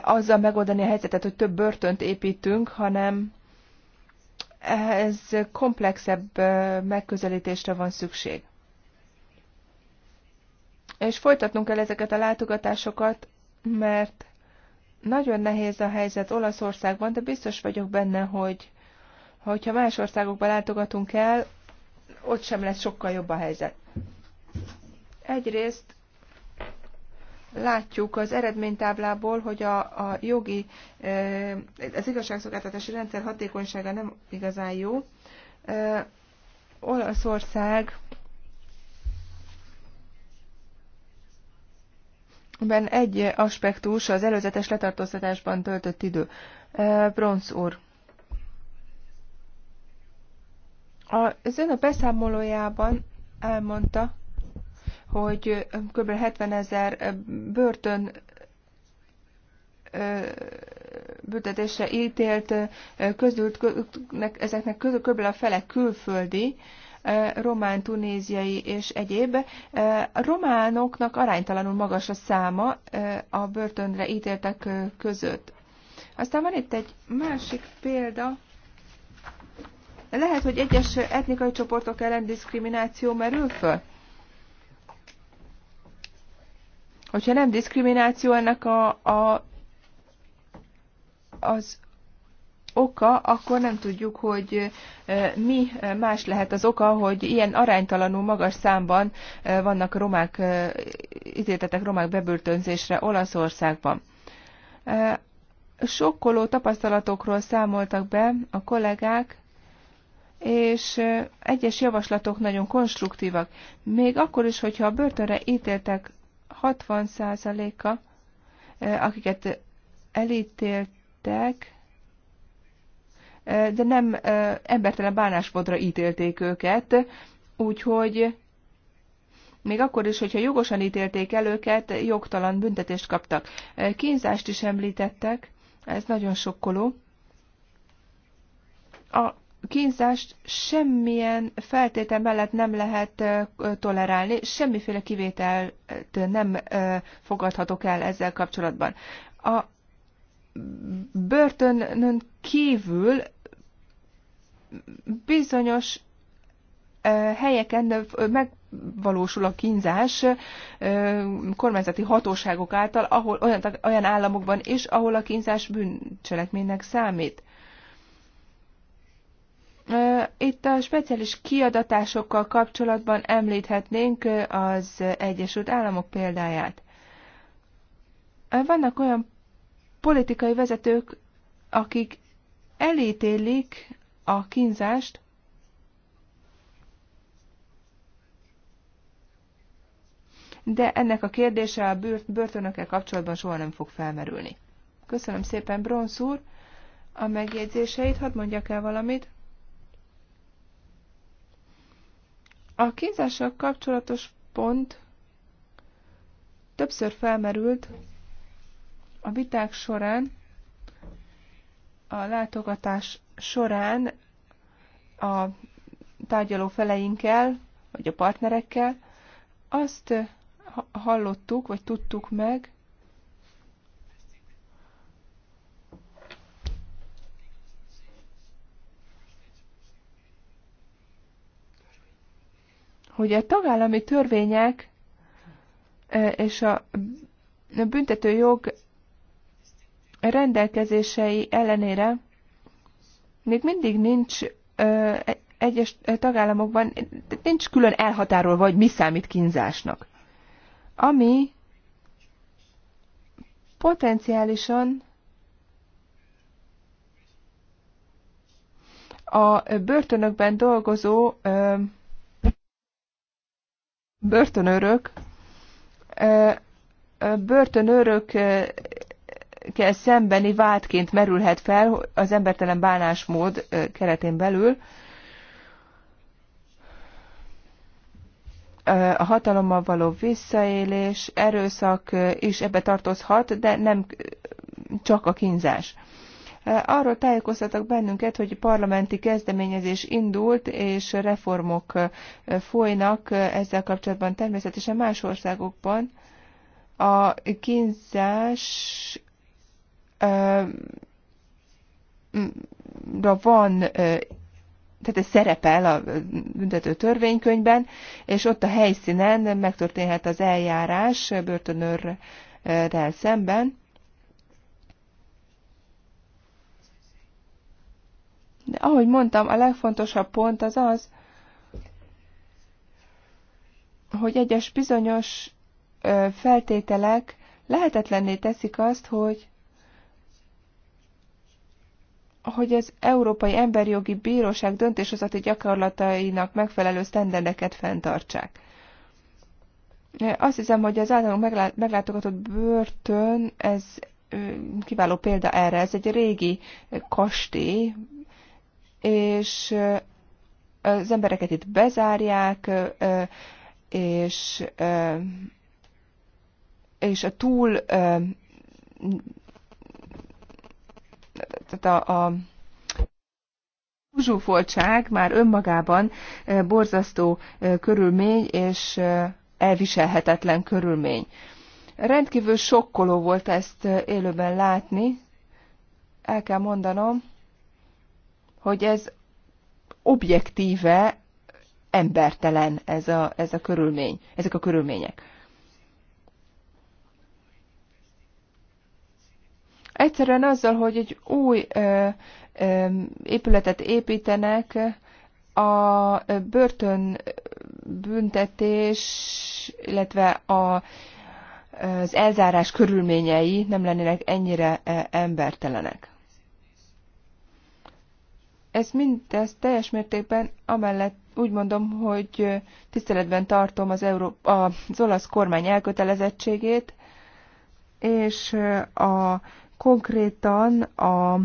azzal megoldani a helyzetet, hogy több börtönt építünk, hanem ez komplexebb megközelítésre van szükség. És folytatnunk kell ezeket a látogatásokat, mert nagyon nehéz a helyzet Olaszországban, de biztos vagyok benne, hogy hogyha más országokba látogatunk el, ott sem lesz sokkal jobb a helyzet. Egyrészt látjuk az eredménytáblából, hogy a, a jogi, az igazságszolgáltatási rendszer hatékonysága nem igazán jó. Olaszország Ben egy aspektus az előzetes letartóztatásban töltött idő. E, Bronz úr. Az ön a beszámolójában elmondta, hogy kb. 70 ezer börtön e, büntetésre ítélt e, közült, ezeknek kb. a fele külföldi, román, tunéziai és egyéb. A románoknak aránytalanul magas a száma a börtönre ítéltek között. Aztán van itt egy másik példa. Lehet, hogy egyes etnikai csoportok ellen diszkrimináció merül föl? Hogyha nem diszkrimináció, ennek a, a, az oka, akkor nem tudjuk, hogy e, mi e, más lehet az oka, hogy ilyen aránytalanul magas számban e, vannak romák, ítéltetek romák bebörtönzésre Olaszországban. Sokkoló tapasztalatokról számoltak be a kollégák, és egyes javaslatok nagyon konstruktívak. Még akkor is, hogyha a börtönre ítéltek 60%-a, akiket elítéltek, de nem embertelen bánásmódra ítélték őket, úgyhogy még akkor is, hogyha jogosan ítélték el őket, jogtalan büntetést kaptak. Kínzást is említettek, ez nagyon sokkoló. A kínzást semmilyen feltétel mellett nem lehet tolerálni, semmiféle kivételt nem fogadhatok el ezzel kapcsolatban. A börtönön kívül bizonyos helyeken megvalósul a kínzás kormányzati hatóságok által, ahol olyan, olyan államokban is, ahol a kínzás bűncselekménynek számít. Itt a speciális kiadatásokkal kapcsolatban említhetnénk az Egyesült Államok példáját. Vannak olyan politikai vezetők, akik elítélik a kínzást, de ennek a kérdése a börtönökkel kapcsolatban soha nem fog felmerülni. Köszönöm szépen, Bronsz úr, a megjegyzéseit, hadd mondjak el valamit. A kínzással kapcsolatos pont többször felmerült a viták során, a látogatás során a tárgyaló feleinkkel, vagy a partnerekkel azt hallottuk, vagy tudtuk meg, hogy a tagállami törvények és a büntetőjog rendelkezései ellenére még mindig nincs ö, egyes tagállamokban nincs külön elhatárolva, hogy mi számít kínzásnak. Ami potenciálisan a börtönökben dolgozó ö, börtönőrök ö, börtönőrök szembeni vádként merülhet fel az embertelen bánásmód keretén belül. A hatalommal való visszaélés, erőszak is ebbe tartozhat, de nem csak a kínzás. Arról tájékoztattak bennünket, hogy parlamenti kezdeményezés indult, és reformok folynak ezzel kapcsolatban természetesen más országokban. A kínzás van, tehát ez szerepel a büntető törvénykönyvben, és ott a helyszínen megtörténhet az eljárás börtönőrrel szemben. De ahogy mondtam, a legfontosabb pont az az, hogy egyes bizonyos feltételek lehetetlenné teszik azt, hogy hogy az Európai Emberjogi Bíróság döntéshozati gyakorlatainak megfelelő sztenderdeket fenntartsák. Azt hiszem, hogy az általunk meglátogatott börtön, ez kiváló példa erre. Ez egy régi kastély, és az embereket itt bezárják, és, és a túl tehát a, a zsúfoltság már önmagában eh, borzasztó eh, körülmény és eh, elviselhetetlen körülmény. Rendkívül sokkoló volt ezt élőben látni. El kell mondanom, hogy ez objektíve embertelen ez a, ez a körülmény, ezek a körülmények. Egyszerűen azzal, hogy egy új épületet építenek, a börtön büntetés, illetve a, az elzárás körülményei nem lennének ennyire embertelenek. Ez mindez teljes mértékben amellett úgy mondom, hogy tiszteletben tartom az, Euró- az olasz kormány elkötelezettségét, és a konkrétan a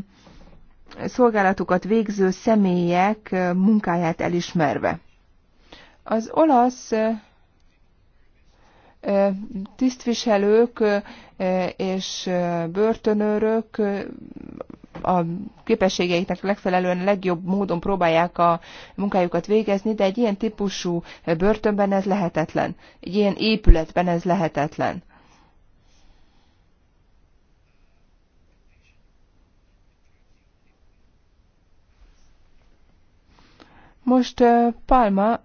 szolgálatukat végző személyek munkáját elismerve. Az olasz tisztviselők és börtönőrök a képességeiknek legfelelően legjobb módon próbálják a munkájukat végezni, de egy ilyen típusú börtönben ez lehetetlen. Egy ilyen épületben ez lehetetlen. Most Palma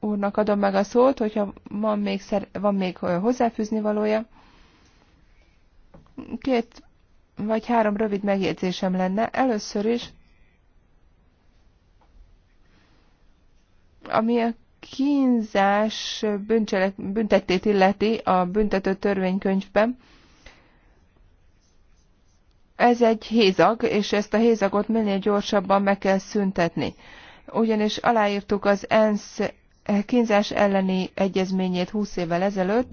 úrnak adom meg a szót, hogyha van még, szer, van még hozzáfűzni valója. Két vagy három rövid megjegyzésem lenne. Először is, ami a kínzás bűncselek, büntettét illeti a büntető törvénykönyvben, ez egy hézag, és ezt a hézagot minél gyorsabban meg kell szüntetni ugyanis aláírtuk az ENSZ kínzás elleni egyezményét 20 évvel ezelőtt.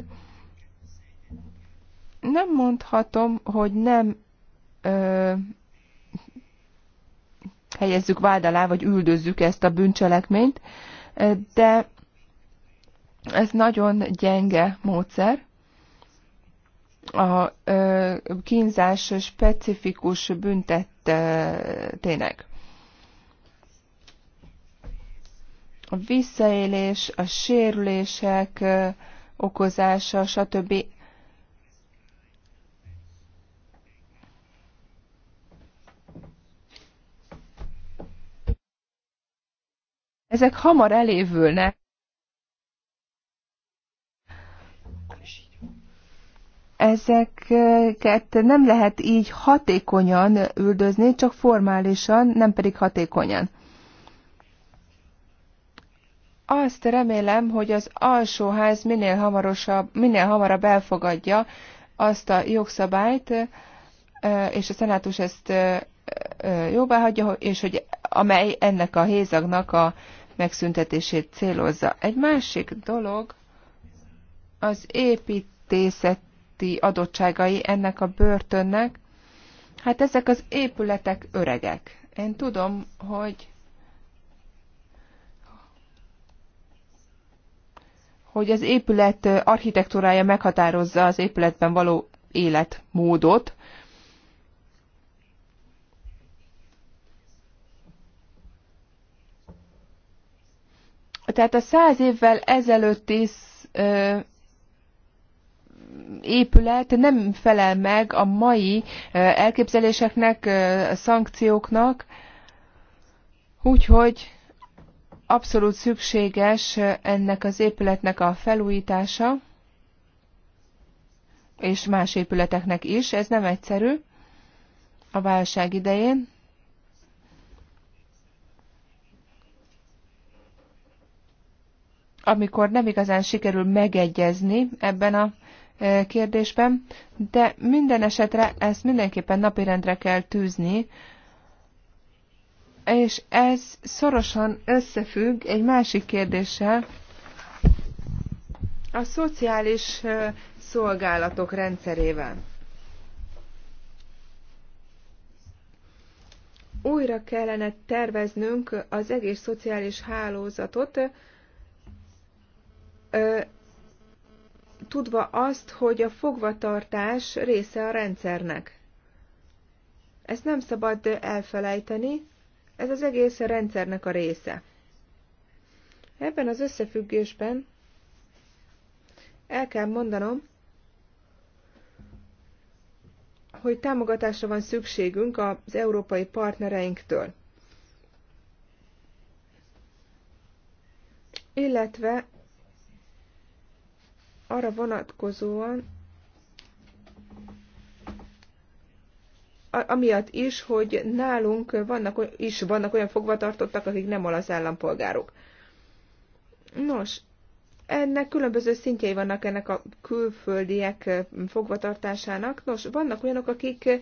Nem mondhatom, hogy nem ö, helyezzük vád alá, vagy üldözzük ezt a bűncselekményt, de ez nagyon gyenge módszer. A ö, kínzás specifikus büntettének. a visszaélés, a sérülések okozása, stb. Ezek hamar elévülnek. Ezeket nem lehet így hatékonyan üldözni, csak formálisan, nem pedig hatékonyan. Azt remélem, hogy az alsóház minél, hamarosabb, minél hamarabb elfogadja azt a jogszabályt, és a szenátus ezt jóvá hagyja, és hogy amely ennek a hézagnak a megszüntetését célozza. Egy másik dolog az építészeti adottságai ennek a börtönnek. Hát ezek az épületek öregek. Én tudom, hogy hogy az épület architektúrája meghatározza az épületben való életmódot. Tehát a száz évvel ezelőtti épület nem felel meg a mai elképzeléseknek, szankcióknak, úgyhogy abszolút szükséges ennek az épületnek a felújítása, és más épületeknek is. Ez nem egyszerű a válság idején. amikor nem igazán sikerül megegyezni ebben a e, kérdésben, de minden esetre ezt mindenképpen napirendre kell tűzni és ez szorosan összefügg egy másik kérdéssel, a szociális szolgálatok rendszerével. Újra kellene terveznünk az egész szociális hálózatot, tudva azt, hogy a fogvatartás része a rendszernek. Ezt nem szabad elfelejteni, ez az egész rendszernek a része. Ebben az összefüggésben el kell mondanom, hogy támogatásra van szükségünk az európai partnereinktől. Illetve arra vonatkozóan, amiatt is, hogy nálunk vannak, is vannak olyan fogvatartottak, akik nem olasz állampolgárok. Nos, ennek különböző szintjei vannak ennek a külföldiek eh, fogvatartásának. Nos, vannak olyanok, akik eh,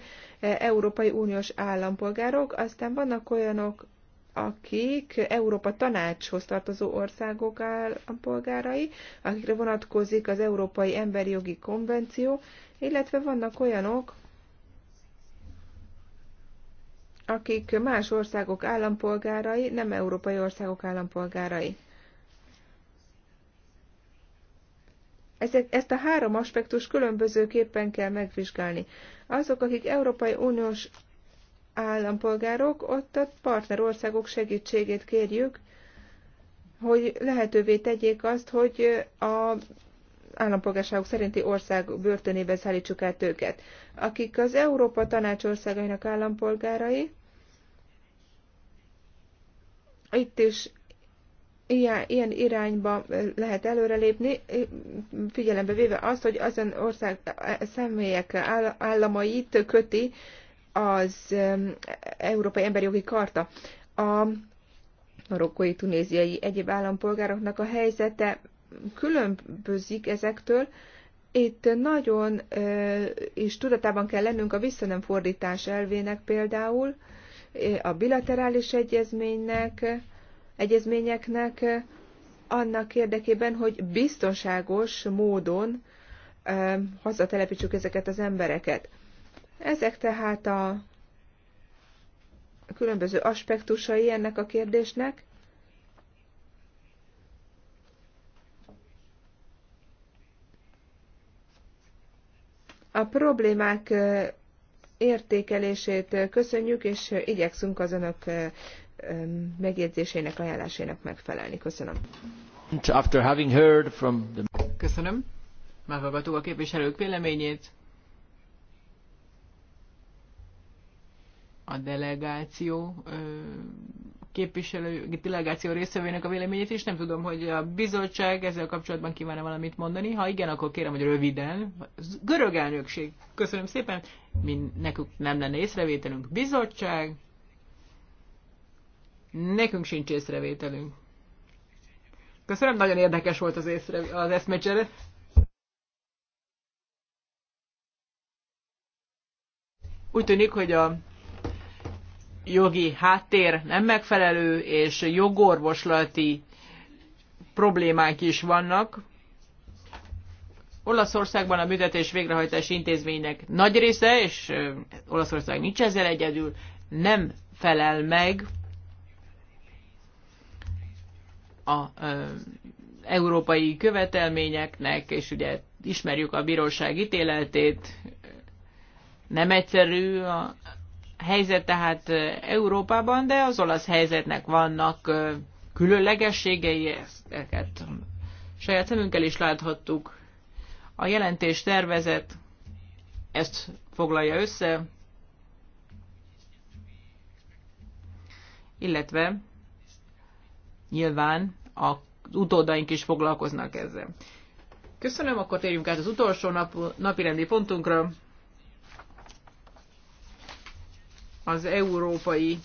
Európai Uniós állampolgárok, aztán vannak olyanok, akik Európa Tanácshoz tartozó országok állampolgárai, akikre vonatkozik az Európai Emberi Jogi Konvenció, illetve vannak olyanok, akik más országok állampolgárai, nem európai országok állampolgárai. Ezek, ezt a három aspektus különbözőképpen kell megvizsgálni. Azok, akik Európai Uniós állampolgárok, ott a partnerországok segítségét kérjük, hogy lehetővé tegyék azt, hogy a állampolgárságok szerinti ország börtönébe szállítsuk át őket. Akik az Európa tanács országainak állampolgárai, itt is ilyen, ilyen irányba lehet előrelépni, figyelembe véve azt, hogy azon ország személyek államait köti az Európai Emberi Jogi Karta. A marokkói, tunéziai egyéb állampolgároknak a helyzete különbözik ezektől, itt nagyon is tudatában kell lennünk a visszanemfordítás elvének például, a bilaterális egyezménynek, egyezményeknek annak érdekében, hogy biztonságos módon hazatelepítsük ezeket az embereket. Ezek tehát a különböző aspektusai ennek a kérdésnek. A problémák értékelését köszönjük, és igyekszünk az önök megjegyzésének, ajánlásének megfelelni. Köszönöm. After having heard from the... Köszönöm. Meghallgattuk a képviselők véleményét. A delegáció képviselő delegáció részvevőnek a véleményét is. Nem tudom, hogy a bizottság ezzel kapcsolatban kívánna valamit mondani. Ha igen, akkor kérem, hogy röviden. Görög elnökség. Köszönöm szépen. Mi nekünk nem lenne észrevételünk. Bizottság. Nekünk sincs észrevételünk. Köszönöm, nagyon érdekes volt az, észre, az eszmecsere. Úgy tűnik, hogy a jogi háttér nem megfelelő, és jogorvoslati problémák is vannak. Olaszországban a büntetés végrehajtási intézménynek nagy része, és Olaszország nincs ezzel egyedül, nem felel meg a európai követelményeknek, és ugye ismerjük a bíróság ítéletét, nem egyszerű a, helyzet tehát Európában, de az olasz helyzetnek vannak különlegességei, ezeket saját szemünkkel is láthattuk. A jelentés tervezet ezt foglalja össze, illetve nyilván a utódaink is foglalkoznak ezzel. Köszönöm, akkor térjünk át az utolsó nap, napirendi pontunkra. az Európai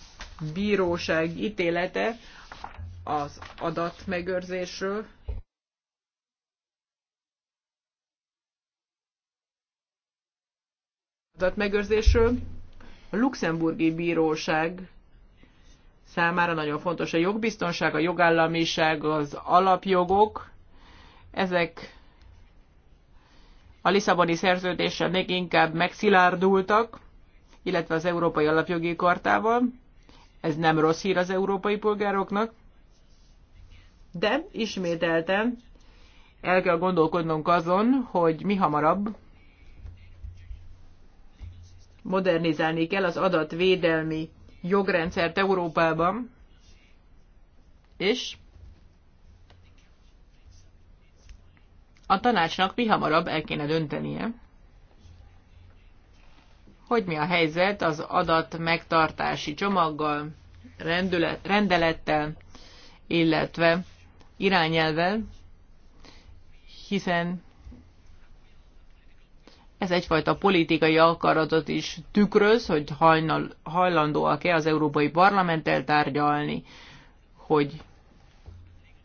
Bíróság ítélete az adatmegőrzésről. Adatmegőrzésről. A luxemburgi bíróság számára nagyon fontos a jogbiztonság, a jogállamiság, az alapjogok. Ezek a Lisszaboni szerződéssel még inkább megszilárdultak illetve az Európai Alapjogi Kartával. Ez nem rossz hír az európai polgároknak, de ismételten el kell gondolkodnunk azon, hogy mi hamarabb modernizálni kell az adatvédelmi jogrendszert Európában, és a tanácsnak mi hamarabb el kéne döntenie hogy mi a helyzet az adat megtartási csomaggal, rendület, rendelettel, illetve irányelvel, hiszen ez egyfajta politikai akaratot is tükröz, hogy hajnal, hajlandóak-e az Európai Parlamenttel tárgyalni, hogy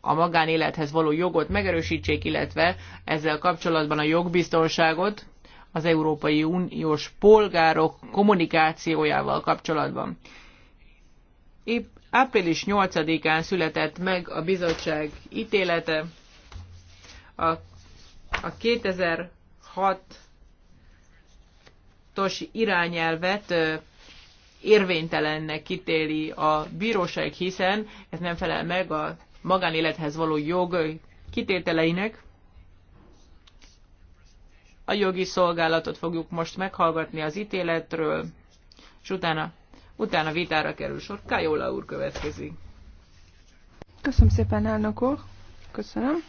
a magánélethez való jogot megerősítsék, illetve ezzel kapcsolatban a jogbiztonságot, az Európai Uniós polgárok kommunikációjával kapcsolatban. Épp április 8-án született meg a bizottság ítélete, a, a 2006-os irányelvet érvénytelennek kitéli a bíróság, hiszen ez nem felel meg a magánélethez való jog kitételeinek. A jogi szolgálatot fogjuk most meghallgatni az ítéletről, és utána, utána vitára kerül sor. Kajola úr következik. Köszönöm szépen, elnök úr. Köszönöm.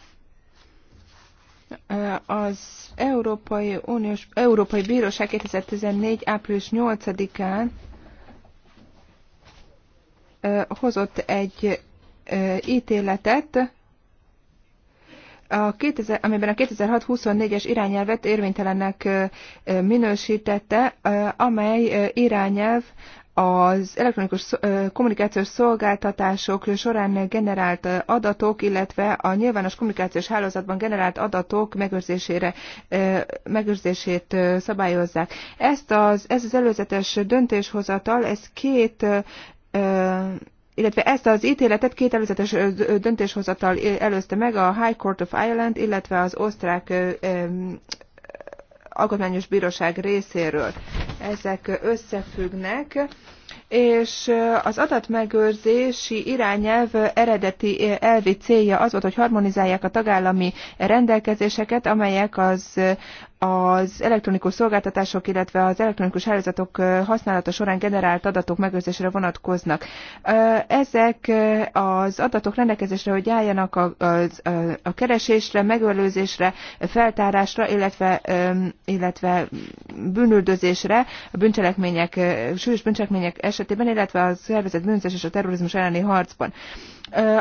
Az Európai, Uniós, Európai Bíróság 2014. április 8-án hozott egy ítéletet, a 2000, amiben a 2006-24-es irányelvet érvénytelennek minősítette, amely irányelv az elektronikus kommunikációs szolgáltatások során generált adatok, illetve a nyilvános kommunikációs hálózatban generált adatok megőrzésére, megőrzését szabályozzák. Ezt az, ez az előzetes döntéshozatal, ez két illetve ezt az ítéletet két előzetes döntéshozatal előzte meg a High Court of Ireland, illetve az osztrák alkotmányos bíróság részéről. Ezek összefüggnek és az adatmegőrzési irányelv eredeti elvi célja az volt, hogy harmonizálják a tagállami rendelkezéseket, amelyek az az elektronikus szolgáltatások, illetve az elektronikus hálózatok használata során generált adatok megőrzésére vonatkoznak. Ezek az adatok rendelkezésre, hogy álljanak a, a, a keresésre, megőrzésre, feltárásra, illetve, illetve bűnüldözésre, a bűncselekmények, súlyos bűncselekmények esetében, illetve a szervezet bűnözés és a terrorizmus elleni harcban.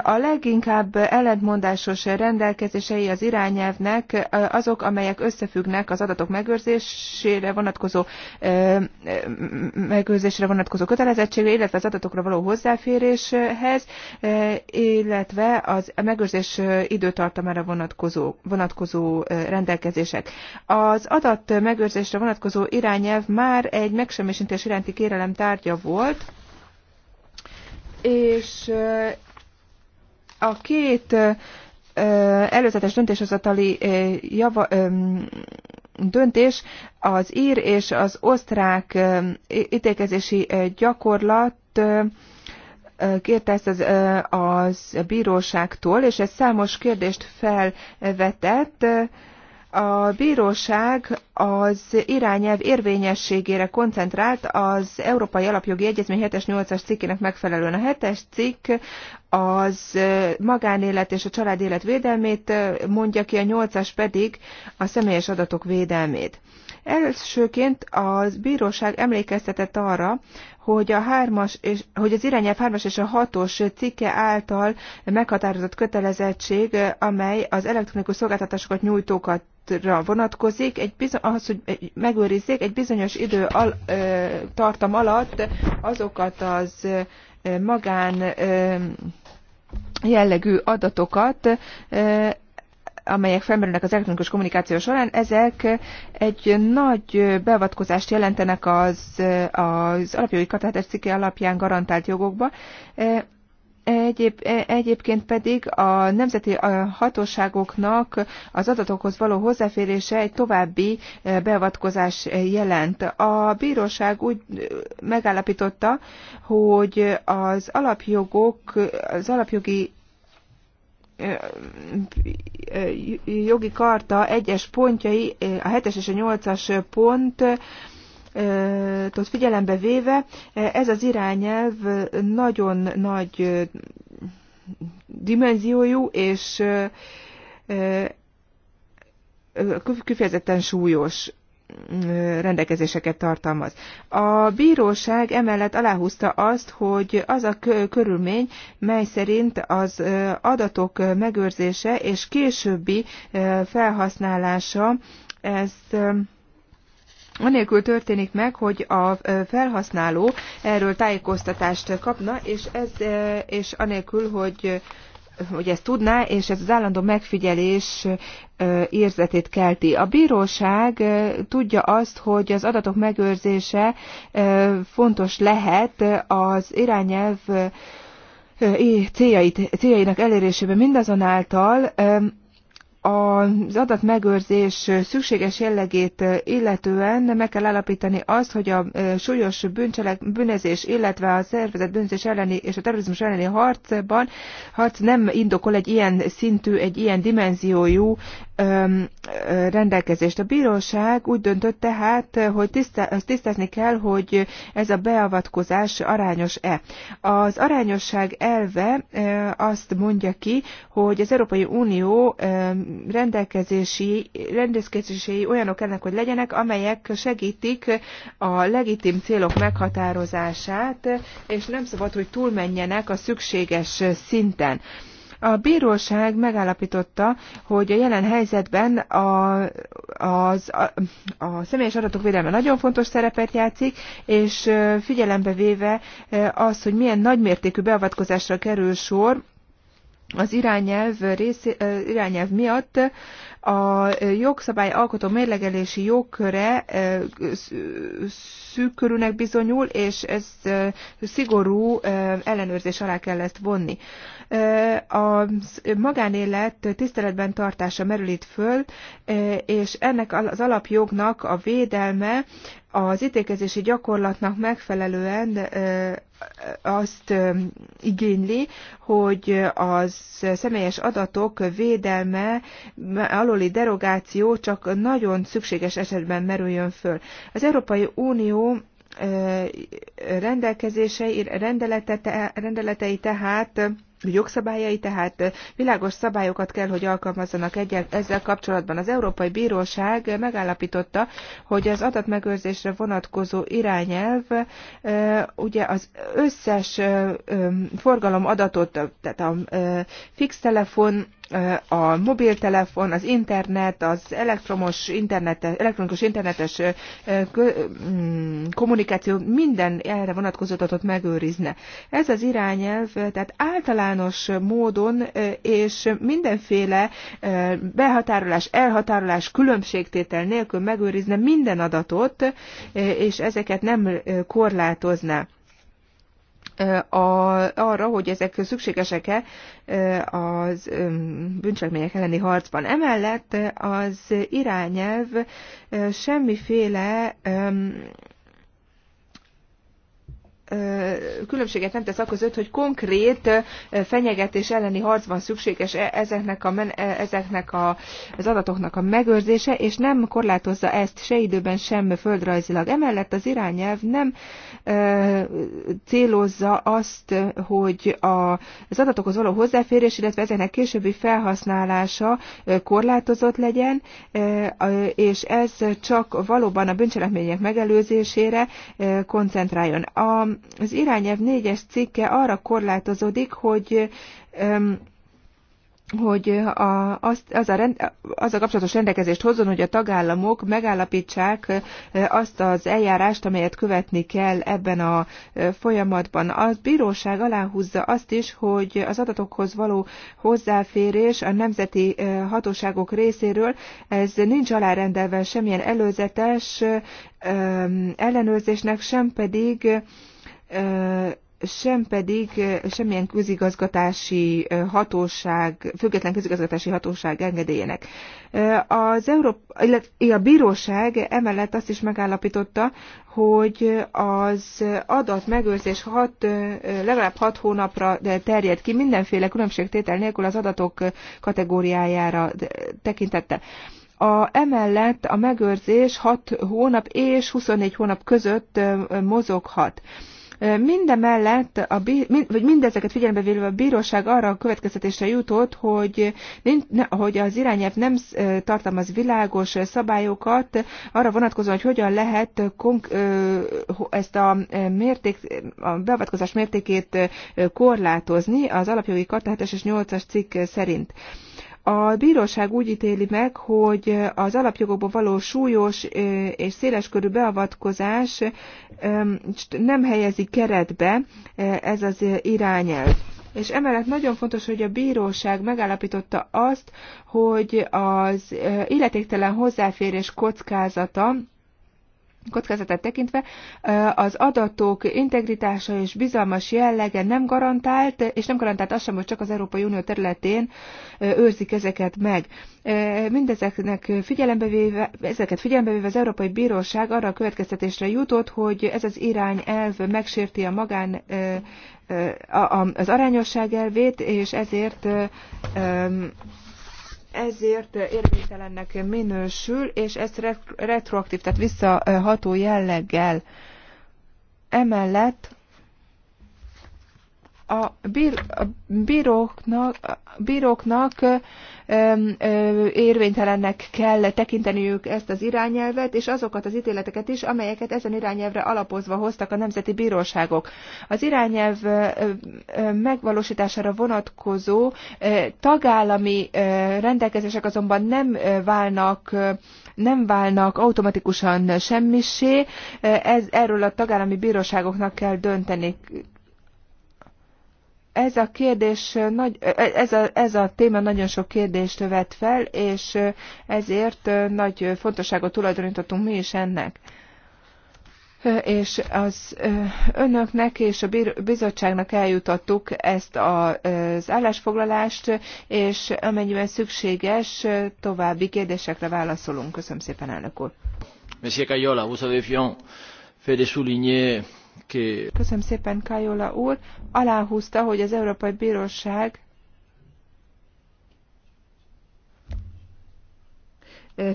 A leginkább ellentmondásos rendelkezései az irányelvnek azok, amelyek összefüggnek az adatok megőrzésére vonatkozó megőrzésre vonatkozó kötelezettségre, illetve az adatokra való hozzáféréshez, illetve az megőrzés időtartamára vonatkozó, vonatkozó rendelkezések. Az adat megőrzésre vonatkozó irányelv már egy megsemmisítés iránti kérelem tárgya volt, és a két előzetes döntéshozatali java, döntés az ír és az osztrák ítélkezési gyakorlat kérte ezt az, az bíróságtól, és ez számos kérdést felvetett, a bíróság az irányelv érvényességére koncentrált az Európai Alapjogi Egyezmény 7-es 8-as cikkének megfelelően. A 7-es cikk az magánélet és a családélet védelmét mondja ki, a 8-as pedig a személyes adatok védelmét. Elsőként a bíróság emlékeztetett arra, hogy, a hármas és, hogy az irányelv 3 és a 6-os cikke által meghatározott kötelezettség, amely az elektronikus szolgáltatásokat nyújtókat vonatkozik, egy bizony, ahhoz, hogy megőrizzék egy bizonyos idő al, ö, tartam alatt azokat az ö, magán ö, jellegű adatokat, ö, amelyek felmerülnek az elektronikus kommunikáció során, ezek egy nagy beavatkozást jelentenek az, az alapjogi katáter cikke alapján garantált jogokba. E, egyéb, e, egyébként pedig a nemzeti hatóságoknak az adatokhoz való hozzáférése egy további e, beavatkozás jelent. A bíróság úgy megállapította, hogy az alapjogok, az alapjogi jogi karta egyes pontjai, a 7-es és a 8-as pont ott figyelembe véve, ez az irányelv nagyon nagy dimenziójú, és kifejezetten súlyos rendelkezéseket tartalmaz. A bíróság emellett aláhúzta azt, hogy az a körülmény, mely szerint az adatok megőrzése és későbbi felhasználása ez anélkül történik meg, hogy a felhasználó erről tájékoztatást kapna, és, ez, és anélkül, hogy hogy ezt tudná, és ez az állandó megfigyelés érzetét kelti. A bíróság tudja azt, hogy az adatok megőrzése fontos lehet az irányelv céljait, céljainak elérésében mindazonáltal az adatmegőrzés szükséges jellegét illetően meg kell állapítani azt, hogy a súlyos bűncselek, bűnözés, illetve a szervezet bűnözés elleni és a terrorizmus elleni harcban harc nem indokol egy ilyen szintű, egy ilyen dimenziójú rendelkezést. A bíróság úgy döntött tehát, hogy tisztá, tisztázni kell, hogy ez a beavatkozás arányos-e. Az arányosság elve azt mondja ki, hogy az Európai Unió rendelkezési, rendelkezési olyanok ennek, hogy legyenek, amelyek segítik a legitim célok meghatározását, és nem szabad, hogy túlmenjenek a szükséges szinten. A bíróság megállapította, hogy a jelen helyzetben a, az, a, a személyes adatok védelme nagyon fontos szerepet játszik, és figyelembe véve az, hogy milyen nagymértékű beavatkozásra kerül sor, az irányelv, rész, irányelv miatt a jogszabály alkotó mérlegelési jogköre szűk bizonyul, és ez szigorú ellenőrzés alá kell ezt vonni a magánélet tiszteletben tartása merül itt föl, és ennek az alapjognak a védelme az ítékezési gyakorlatnak megfelelően azt igényli, hogy az személyes adatok védelme aluli derogáció csak nagyon szükséges esetben merüljön föl. Az Európai Unió rendelkezései, rendelete, rendeletei tehát jogszabályai, tehát világos szabályokat kell, hogy alkalmazzanak egyel, ezzel kapcsolatban. Az Európai Bíróság megállapította, hogy az adatmegőrzésre vonatkozó irányelv ugye az összes forgalom adatot, tehát a fix telefon, a mobiltelefon, az internet, az elektromos internet, elektronikus internetes mm, kommunikáció minden erre vonatkozó adatot megőrizne. Ez az irányelv, tehát általán nyilvános módon, és mindenféle behatárolás, elhatárolás, különbségtétel nélkül megőrizne minden adatot, és ezeket nem korlátozná a, arra, hogy ezek szükségesek-e az bűncselekmények elleni harcban. Emellett az irányelv semmiféle különbséget nem tesz között, hogy konkrét fenyegetés elleni harcban szükséges e, ezeknek, a, e, ezeknek a, az adatoknak a megőrzése, és nem korlátozza ezt se időben, sem földrajzilag. Emellett az irányelv nem e, célozza azt, hogy a, az adatokhoz való hozzáférés, illetve ezeknek későbbi felhasználása korlátozott legyen, és ez csak valóban a bűncselekmények megelőzésére koncentráljon. A az irányelv négyes cikke arra korlátozódik, hogy hogy a, az, az, a rend, az a kapcsolatos rendelkezést hozzon, hogy a tagállamok megállapítsák azt az eljárást, amelyet követni kell ebben a folyamatban. A bíróság aláhúzza azt is, hogy az adatokhoz való hozzáférés a nemzeti hatóságok részéről, ez nincs alárendelve semmilyen előzetes ellenőrzésnek, sem pedig sem pedig semmilyen közigazgatási hatóság, független közigazgatási hatóság engedélyének. Az Európa, illetve a bíróság emellett azt is megállapította, hogy az adat megőrzés hat, legalább hat hónapra terjed ki mindenféle különbségtétel nélkül az adatok kategóriájára tekintettel. A, emellett a megőrzés 6 hónap és 24 hónap között mozoghat. Mindemellett, a, vagy mindezeket figyelembe véve a bíróság arra a következtetésre jutott, hogy, hogy az irányelv nem tartalmaz világos szabályokat arra vonatkozóan, hogy hogyan lehet ezt a, mérték, a beavatkozás mértékét korlátozni az alapjogi karta és 8-as cikk szerint. A bíróság úgy ítéli meg, hogy az alapjogokba való súlyos és széleskörű beavatkozás nem helyezi keretbe ez az irányelv. És emellett nagyon fontos, hogy a bíróság megállapította azt, hogy az illetéktelen hozzáférés kockázata kockázatát tekintve az adatok integritása és bizalmas jellege nem garantált, és nem garantált azt sem, hogy csak az Európai Unió területén őrzik ezeket meg. Mindezeknek figyelembe véve, ezeket figyelembe véve az Európai Bíróság arra a következtetésre jutott, hogy ez az irányelv megsérti a magán az arányosság elvét, és ezért ezért érvénytelennek minősül, és ezt retroaktív, tehát visszaható jelleggel emellett a, bír, a bíróknak, a bíróknak érvénytelennek kell tekinteniük ezt az irányelvet, és azokat az ítéleteket is, amelyeket ezen irányelvre alapozva hoztak a nemzeti bíróságok. Az irányelv megvalósítására vonatkozó tagállami rendelkezések azonban nem válnak nem válnak automatikusan semmisé, ez, erről a tagállami bíróságoknak kell dönteni ez a kérdés, nagy, ez, a, ez a téma nagyon sok kérdést vet fel, és ezért nagy fontosságot tulajdonítottunk mi is ennek. És az önöknek és a bizottságnak eljutottuk ezt az állásfoglalást, és amennyiben szükséges, további kérdésekre válaszolunk. Köszönöm szépen, elnök úr. Monsieur Cayola, vous avez fait de souligner Köszönöm szépen, Kajola úr. Aláhúzta, hogy az Európai Bíróság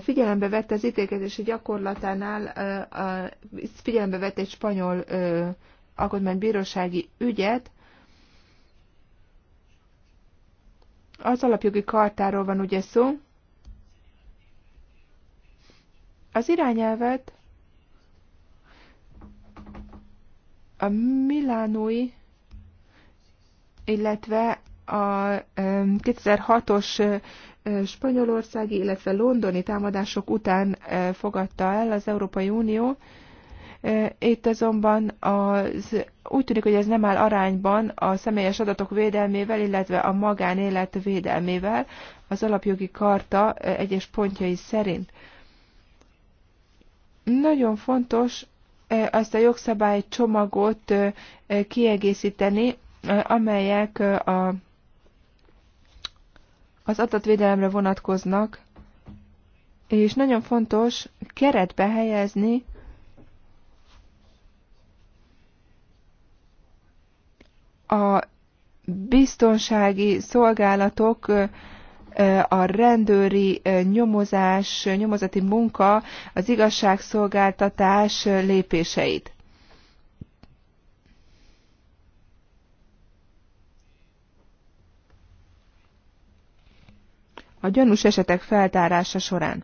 figyelembe vette az ítélkezési gyakorlatánál, figyelembe vette egy spanyol alkotmánybírósági ügyet, az alapjogi kartáról van ugye szó. Az irányelvet A milánói, illetve a 2006-os spanyolországi, illetve londoni támadások után fogadta el az Európai Unió. Itt azonban az, úgy tűnik, hogy ez nem áll arányban a személyes adatok védelmével, illetve a magánélet védelmével az alapjogi karta egyes pontjai szerint. Nagyon fontos azt a jogszabály csomagot kiegészíteni, amelyek a, az adatvédelemre vonatkoznak, és nagyon fontos keretbe helyezni a biztonsági szolgálatok a rendőri nyomozás, nyomozati munka, az igazságszolgáltatás lépéseit. A gyanús esetek feltárása során.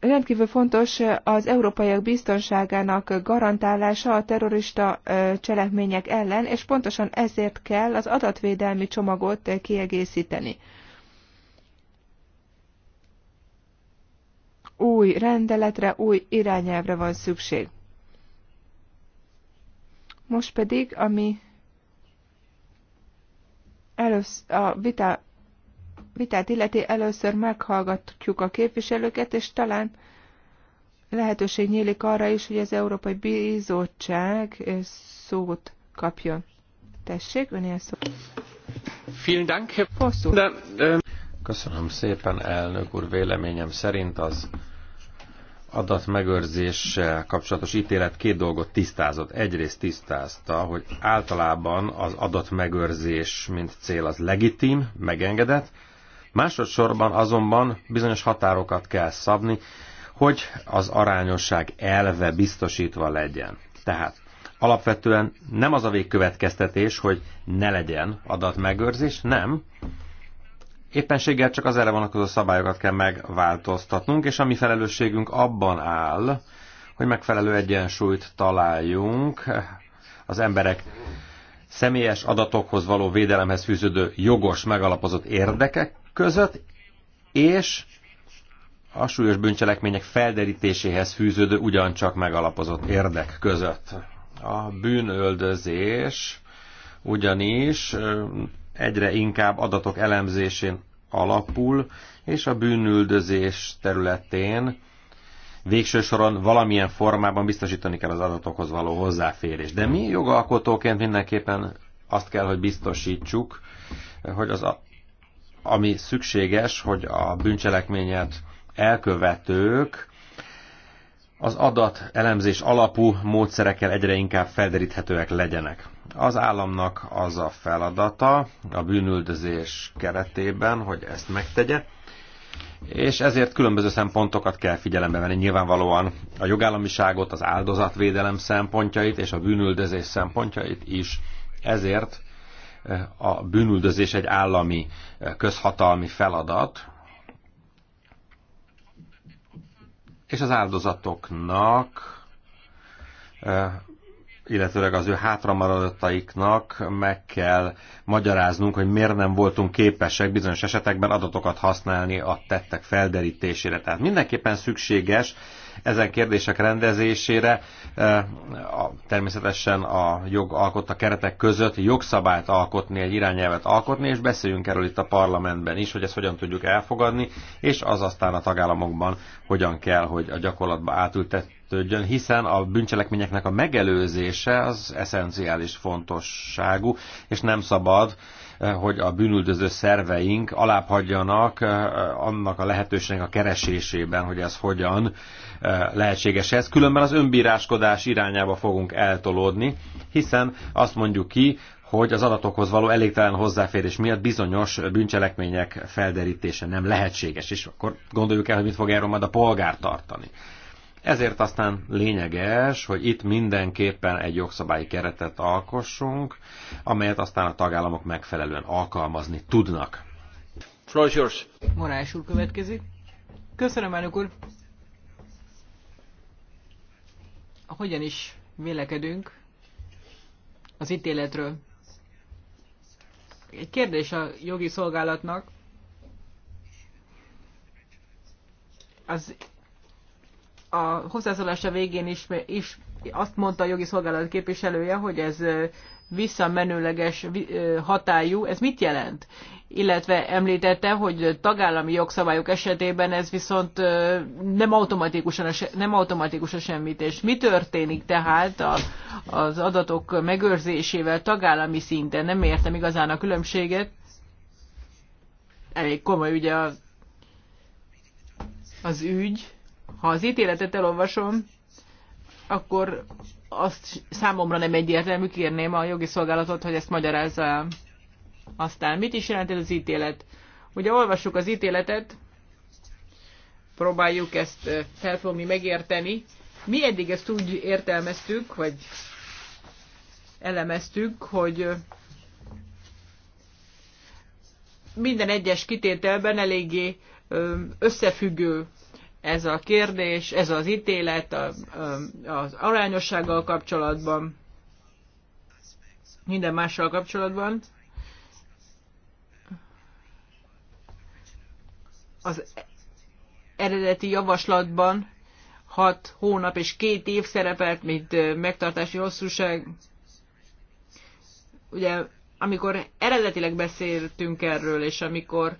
rendkívül fontos az európaiak biztonságának garantálása a terrorista cselekmények ellen, és pontosan ezért kell az adatvédelmi csomagot kiegészíteni. Új rendeletre, új irányelvre van szükség. Most pedig, ami először a vita vitát illeti, először meghallgatjuk a képviselőket, és talán lehetőség nyílik arra is, hogy az Európai Bizottság szót kapjon. Tessék, ön szó. Vielen Köszönöm szépen, elnök úr. Véleményem szerint az adatmegőrzéssel kapcsolatos ítélet két dolgot tisztázott. Egyrészt tisztázta, hogy általában az adatmegőrzés, mint cél, az legitim, megengedett, Másodszorban azonban bizonyos határokat kell szabni, hogy az arányosság elve biztosítva legyen. Tehát alapvetően nem az a végkövetkeztetés, hogy ne legyen adatmegőrzés, nem. Éppenséggel csak az erre vonatkozó szabályokat kell megváltoztatnunk, és a mi felelősségünk abban áll, hogy megfelelő egyensúlyt találjunk az emberek személyes adatokhoz való védelemhez fűződő jogos megalapozott érdekek között, és a súlyos bűncselekmények felderítéséhez fűződő ugyancsak megalapozott érdek között. A bűnöldözés ugyanis egyre inkább adatok elemzésén alapul, és a bűnüldözés területén végső soron valamilyen formában biztosítani kell az adatokhoz való hozzáférés. De mi jogalkotóként mindenképpen azt kell, hogy biztosítsuk, hogy az ami szükséges, hogy a bűncselekményet elkövetők az adat elemzés alapú módszerekkel egyre inkább felderíthetőek legyenek. Az államnak az a feladata a bűnüldözés keretében, hogy ezt megtegye, és ezért különböző szempontokat kell figyelembe venni. Nyilvánvalóan a jogállamiságot, az áldozatvédelem szempontjait és a bűnüldözés szempontjait is. Ezért a bűnüldözés egy állami eh, közhatalmi feladat, és az áldozatoknak, eh, illetőleg az ő hátramaradataiknak meg kell magyaráznunk, hogy miért nem voltunk képesek bizonyos esetekben adatokat használni a tettek felderítésére. Tehát mindenképpen szükséges ezen kérdések rendezésére eh, természetesen a jog alkotta keretek között jogszabályt alkotni, egy irányelvet alkotni, és beszéljünk erről itt a parlamentben is, hogy ezt hogyan tudjuk elfogadni, és az aztán a tagállamokban hogyan kell, hogy a gyakorlatba átültetődjön, hiszen a bűncselekményeknek a megelőzése az eszenciális fontosságú, és nem szabad eh, hogy a bűnüldöző szerveink alábbhagyjanak eh, annak a lehetőségnek a keresésében, hogy ez hogyan lehetséges ez, különben az önbíráskodás irányába fogunk eltolódni, hiszen azt mondjuk ki, hogy az adatokhoz való elégtelen hozzáférés miatt bizonyos bűncselekmények felderítése nem lehetséges, és akkor gondoljuk el, hogy mit fog erről majd a polgár tartani. Ezért aztán lényeges, hogy itt mindenképpen egy jogszabályi keretet alkossunk, amelyet aztán a tagállamok megfelelően alkalmazni tudnak. Morális úr következik. Köszönöm, elnök úr. hogyan is vélekedünk az ítéletről. Egy kérdés a jogi szolgálatnak. Az a hozzászólása végén is, is azt mondta a jogi szolgálat képviselője, hogy ez visszamenőleges hatályú. Ez mit jelent? illetve említette, hogy tagállami jogszabályok esetében ez viszont nem automatikusan a, se, nem automatikus a és Mi történik tehát a, az adatok megőrzésével tagállami szinten? Nem értem igazán a különbséget. Elég komoly ugye a, az ügy. Ha az ítéletet elolvasom, akkor azt számomra nem egyértelmű, kérném a jogi szolgálatot, hogy ezt magyarázza el. Aztán mit is jelent ez az ítélet? Ugye olvassuk az ítéletet, próbáljuk ezt felfogni, megérteni. Mi eddig ezt úgy értelmeztük, vagy elemeztük, hogy minden egyes kitételben eléggé összefüggő ez a kérdés, ez az ítélet az arányossággal kapcsolatban, minden mással kapcsolatban. az eredeti javaslatban 6 hónap és 2 év szerepelt, mint megtartási hosszúság. Ugye, amikor eredetileg beszéltünk erről, és amikor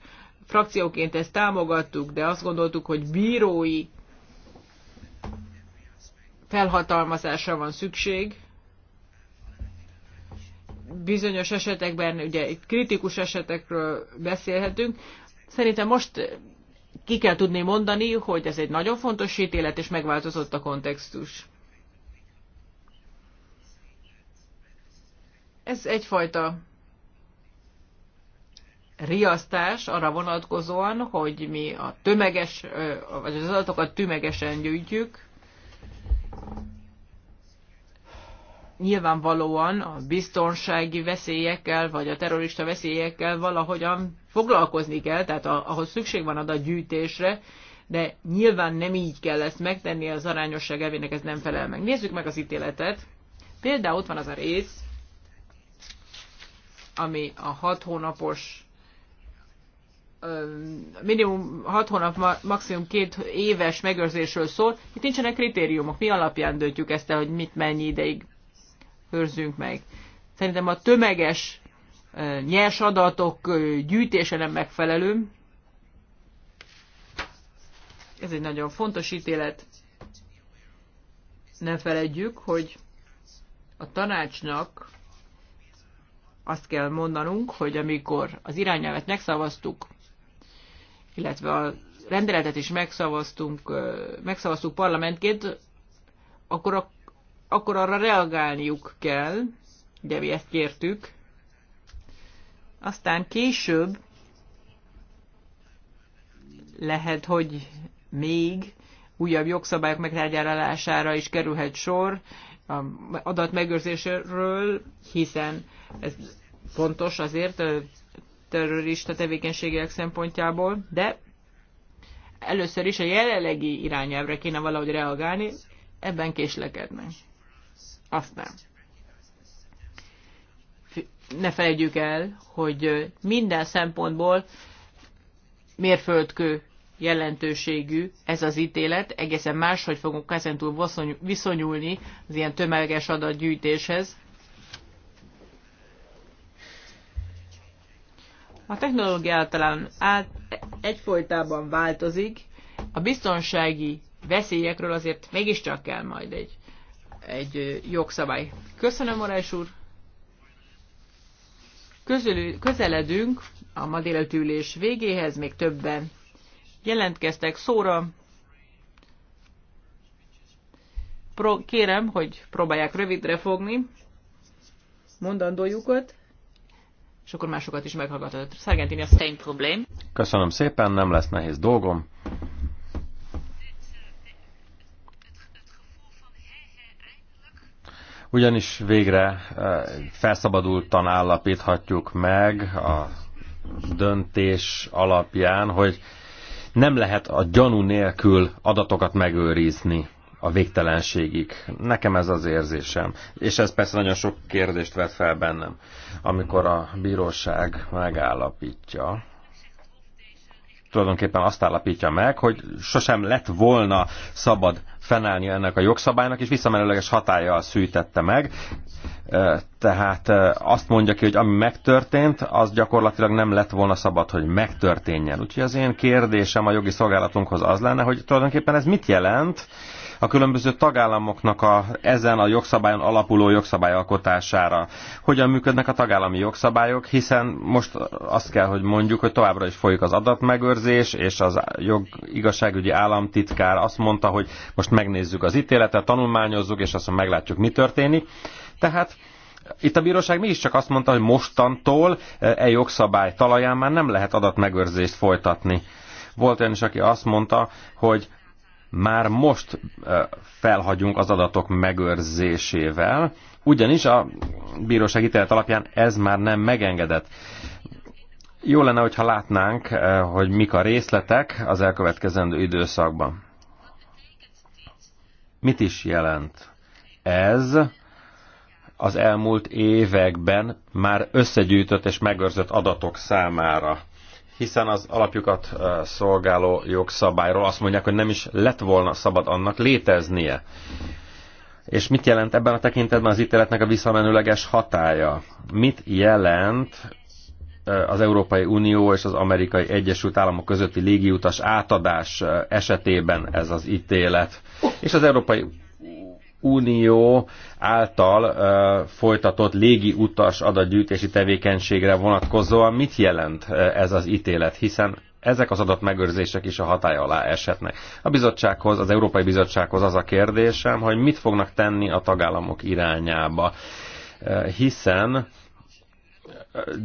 frakcióként ezt támogattuk, de azt gondoltuk, hogy bírói felhatalmazásra van szükség. Bizonyos esetekben, ugye itt kritikus esetekről beszélhetünk. Szerintem most ki kell tudni mondani, hogy ez egy nagyon fontos ítélet, és megváltozott a kontextus. Ez egyfajta riasztás arra vonatkozóan, hogy mi a tömeges, vagy az adatokat tömegesen gyűjtjük. Nyilvánvalóan a biztonsági veszélyekkel, vagy a terrorista veszélyekkel valahogyan foglalkozni kell, tehát ahhoz szükség van adatgyűjtésre, de nyilván nem így kell ezt megtenni, az arányosság elvének ez nem felel meg. Nézzük meg az ítéletet. Például ott van az a rész, ami a hat hónapos minimum 6 hónap, maximum két éves megőrzésről szól. Itt nincsenek kritériumok. Mi alapján döntjük ezt el, hogy mit mennyi ideig őrzünk meg. Szerintem a tömeges nyers adatok gyűjtése nem megfelelő. Ez egy nagyon fontos ítélet. Ne feledjük, hogy a tanácsnak azt kell mondanunk, hogy amikor az irányelvet megszavaztuk, illetve a rendeletet is megszavaztunk, megszavaztuk parlamentként, akkor, a, akkor arra reagálniuk kell, ugye mi ezt kértük, aztán később lehet, hogy még újabb jogszabályok megtárgyalására is kerülhet sor adatmegőrzésről, hiszen ez fontos azért a terrorista tevékenységek szempontjából, de először is a jelenlegi irányelvre kéne valahogy reagálni, ebben késlekednek. Aztán ne felejtjük el, hogy minden szempontból mérföldkő jelentőségű ez az ítélet, egészen máshogy fogunk ezentúl viszonyulni az ilyen tömeges adatgyűjtéshez. A technológia általán át, egyfolytában változik, a biztonsági veszélyekről azért mégiscsak kell majd egy, egy jogszabály. Köszönöm, Morás úr! Közülő, közeledünk a ma délelőtt ülés végéhez, még többen jelentkeztek szóra. Pro, kérem, hogy próbálják rövidre fogni mondandójukat, és akkor másokat is meghallgatod. same problém. Köszönöm szépen, nem lesz nehéz dolgom. ugyanis végre eh, felszabadultan állapíthatjuk meg a döntés alapján, hogy nem lehet a gyanú nélkül adatokat megőrizni a végtelenségig. Nekem ez az érzésem. És ez persze nagyon sok kérdést vet fel bennem, amikor a bíróság megállapítja, tulajdonképpen azt állapítja meg, hogy sosem lett volna szabad fennállni ennek a jogszabálynak, és visszamenőleges hatája szűjtette meg. Tehát azt mondja ki, hogy ami megtörtént, az gyakorlatilag nem lett volna szabad, hogy megtörténjen. Úgyhogy az én kérdésem a jogi szolgálatunkhoz az lenne, hogy tulajdonképpen ez mit jelent, a különböző tagállamoknak a, ezen a jogszabályon alapuló jogszabályalkotására. Hogyan működnek a tagállami jogszabályok, hiszen most azt kell, hogy mondjuk, hogy továbbra is folyik az adatmegőrzés, és az jog, igazságügyi államtitkár azt mondta, hogy most megnézzük az ítéletet, tanulmányozzuk, és aztán meglátjuk, mi történik. Tehát itt a bíróság mégiscsak azt mondta, hogy mostantól eh, e jogszabály talaján már nem lehet adatmegőrzést folytatni. Volt olyan is, aki azt mondta, hogy már most felhagyunk az adatok megőrzésével, ugyanis a bíróság ítélet alapján ez már nem megengedett. Jó lenne, hogyha látnánk, hogy mik a részletek az elkövetkezendő időszakban. Mit is jelent ez az elmúlt években már összegyűjtött és megőrzött adatok számára? hiszen az alapjukat szolgáló jogszabályról azt mondják, hogy nem is lett volna szabad annak léteznie. És mit jelent ebben a tekintetben az ítéletnek a visszamenőleges hatája? Mit jelent az Európai Unió és az Amerikai Egyesült Államok közötti légiutas átadás esetében ez az ítélet? És az Európai Unió által folytatott légi utas adatgyűjtési tevékenységre vonatkozóan mit jelent ez az ítélet, hiszen ezek az adatmegőrzések is a hatály alá eshetnek. A bizottsághoz, az Európai Bizottsághoz az a kérdésem, hogy mit fognak tenni a tagállamok irányába, hiszen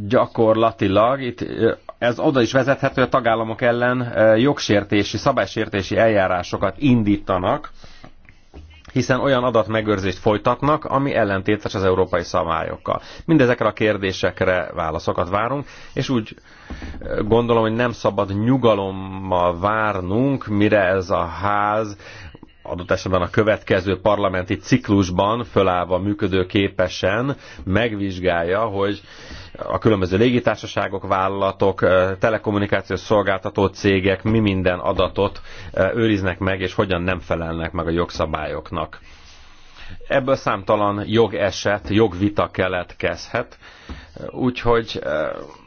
gyakorlatilag itt ez oda is vezethető, hogy a tagállamok ellen jogsértési, szabálysértési eljárásokat indítanak, hiszen olyan adatmegőrzést folytatnak, ami ellentétes az európai szabályokkal. Mindezekre a kérdésekre válaszokat várunk, és úgy gondolom, hogy nem szabad nyugalommal várnunk, mire ez a ház adott esetben a következő parlamenti ciklusban fölállva működőképesen megvizsgálja, hogy a különböző légitársaságok, vállalatok, telekommunikációs szolgáltató cégek mi minden adatot őriznek meg, és hogyan nem felelnek meg a jogszabályoknak. Ebből számtalan jogeset, jogvita keletkezhet, úgyhogy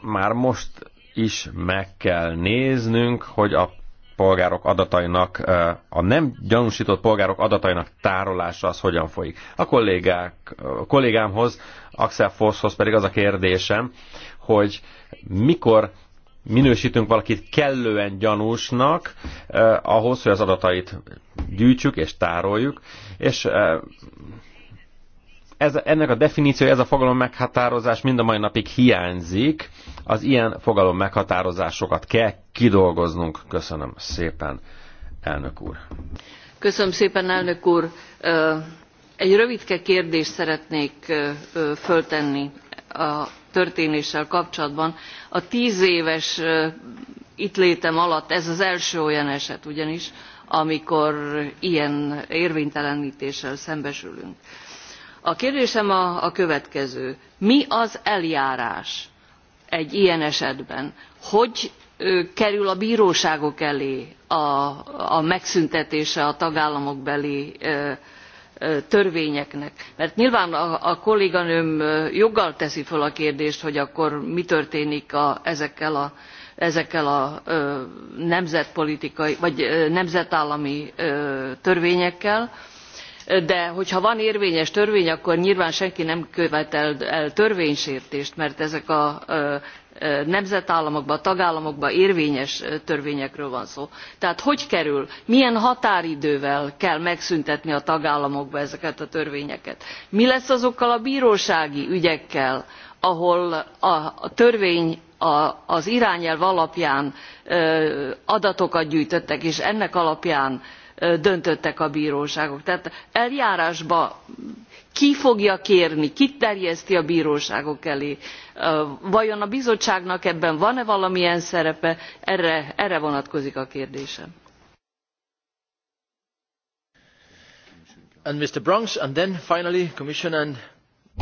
már most is meg kell néznünk, hogy a polgárok adatainak, a nem gyanúsított polgárok adatainak tárolása az hogyan folyik. A, kollégák, a kollégámhoz, Axel Fosshoz pedig az a kérdésem, hogy mikor minősítünk valakit kellően gyanúsnak eh, ahhoz, hogy az adatait gyűjtsük és tároljuk, és eh, ez, ennek a definíció, ez a fogalom meghatározás mind a mai napig hiányzik. Az ilyen fogalom meghatározásokat kell kidolgoznunk. Köszönöm szépen, elnök úr. Köszönöm szépen, elnök úr. Egy rövidke kérdést szeretnék föltenni a történéssel kapcsolatban. A tíz éves itt létem alatt ez az első olyan eset ugyanis, amikor ilyen érvénytelenítéssel szembesülünk a kérdésem a, következő mi az eljárás egy ilyen esetben hogy kerül a bróságok elé a, megszüntetése a tagállamokbeli törvényeknek mert nyilván a, kolléganőm joggal teszi föl a kérdést hogy akkor mi történik ezekkel a ezekkel a nemzetpolitikai vagy nemzetállami törvényekkel de hogyha van érvényes törvény akkor nyilván senki nem követel el törvénysértést mert ezek a nemzetállamokban tagállamokban érvényes törvényekről van szó. tehát hogy kerül milyen határidővel kell megszüntetni a tagállamokban ezeket a törvényeket? mi lesz azokkal a brósági ügyekkel ahol a törvény az irányelv alapján adatokat gyűjtöttek és ennek alapján döntöttek a bróságok. tehát eljárásba ki fogja kérni ki terjeszti a bróságok elé vajon a bizottságnak ebben van e valamilyen szerepe erre, vonatkozik a kérdésem. And Mr. Bronx, and then finally Commission and...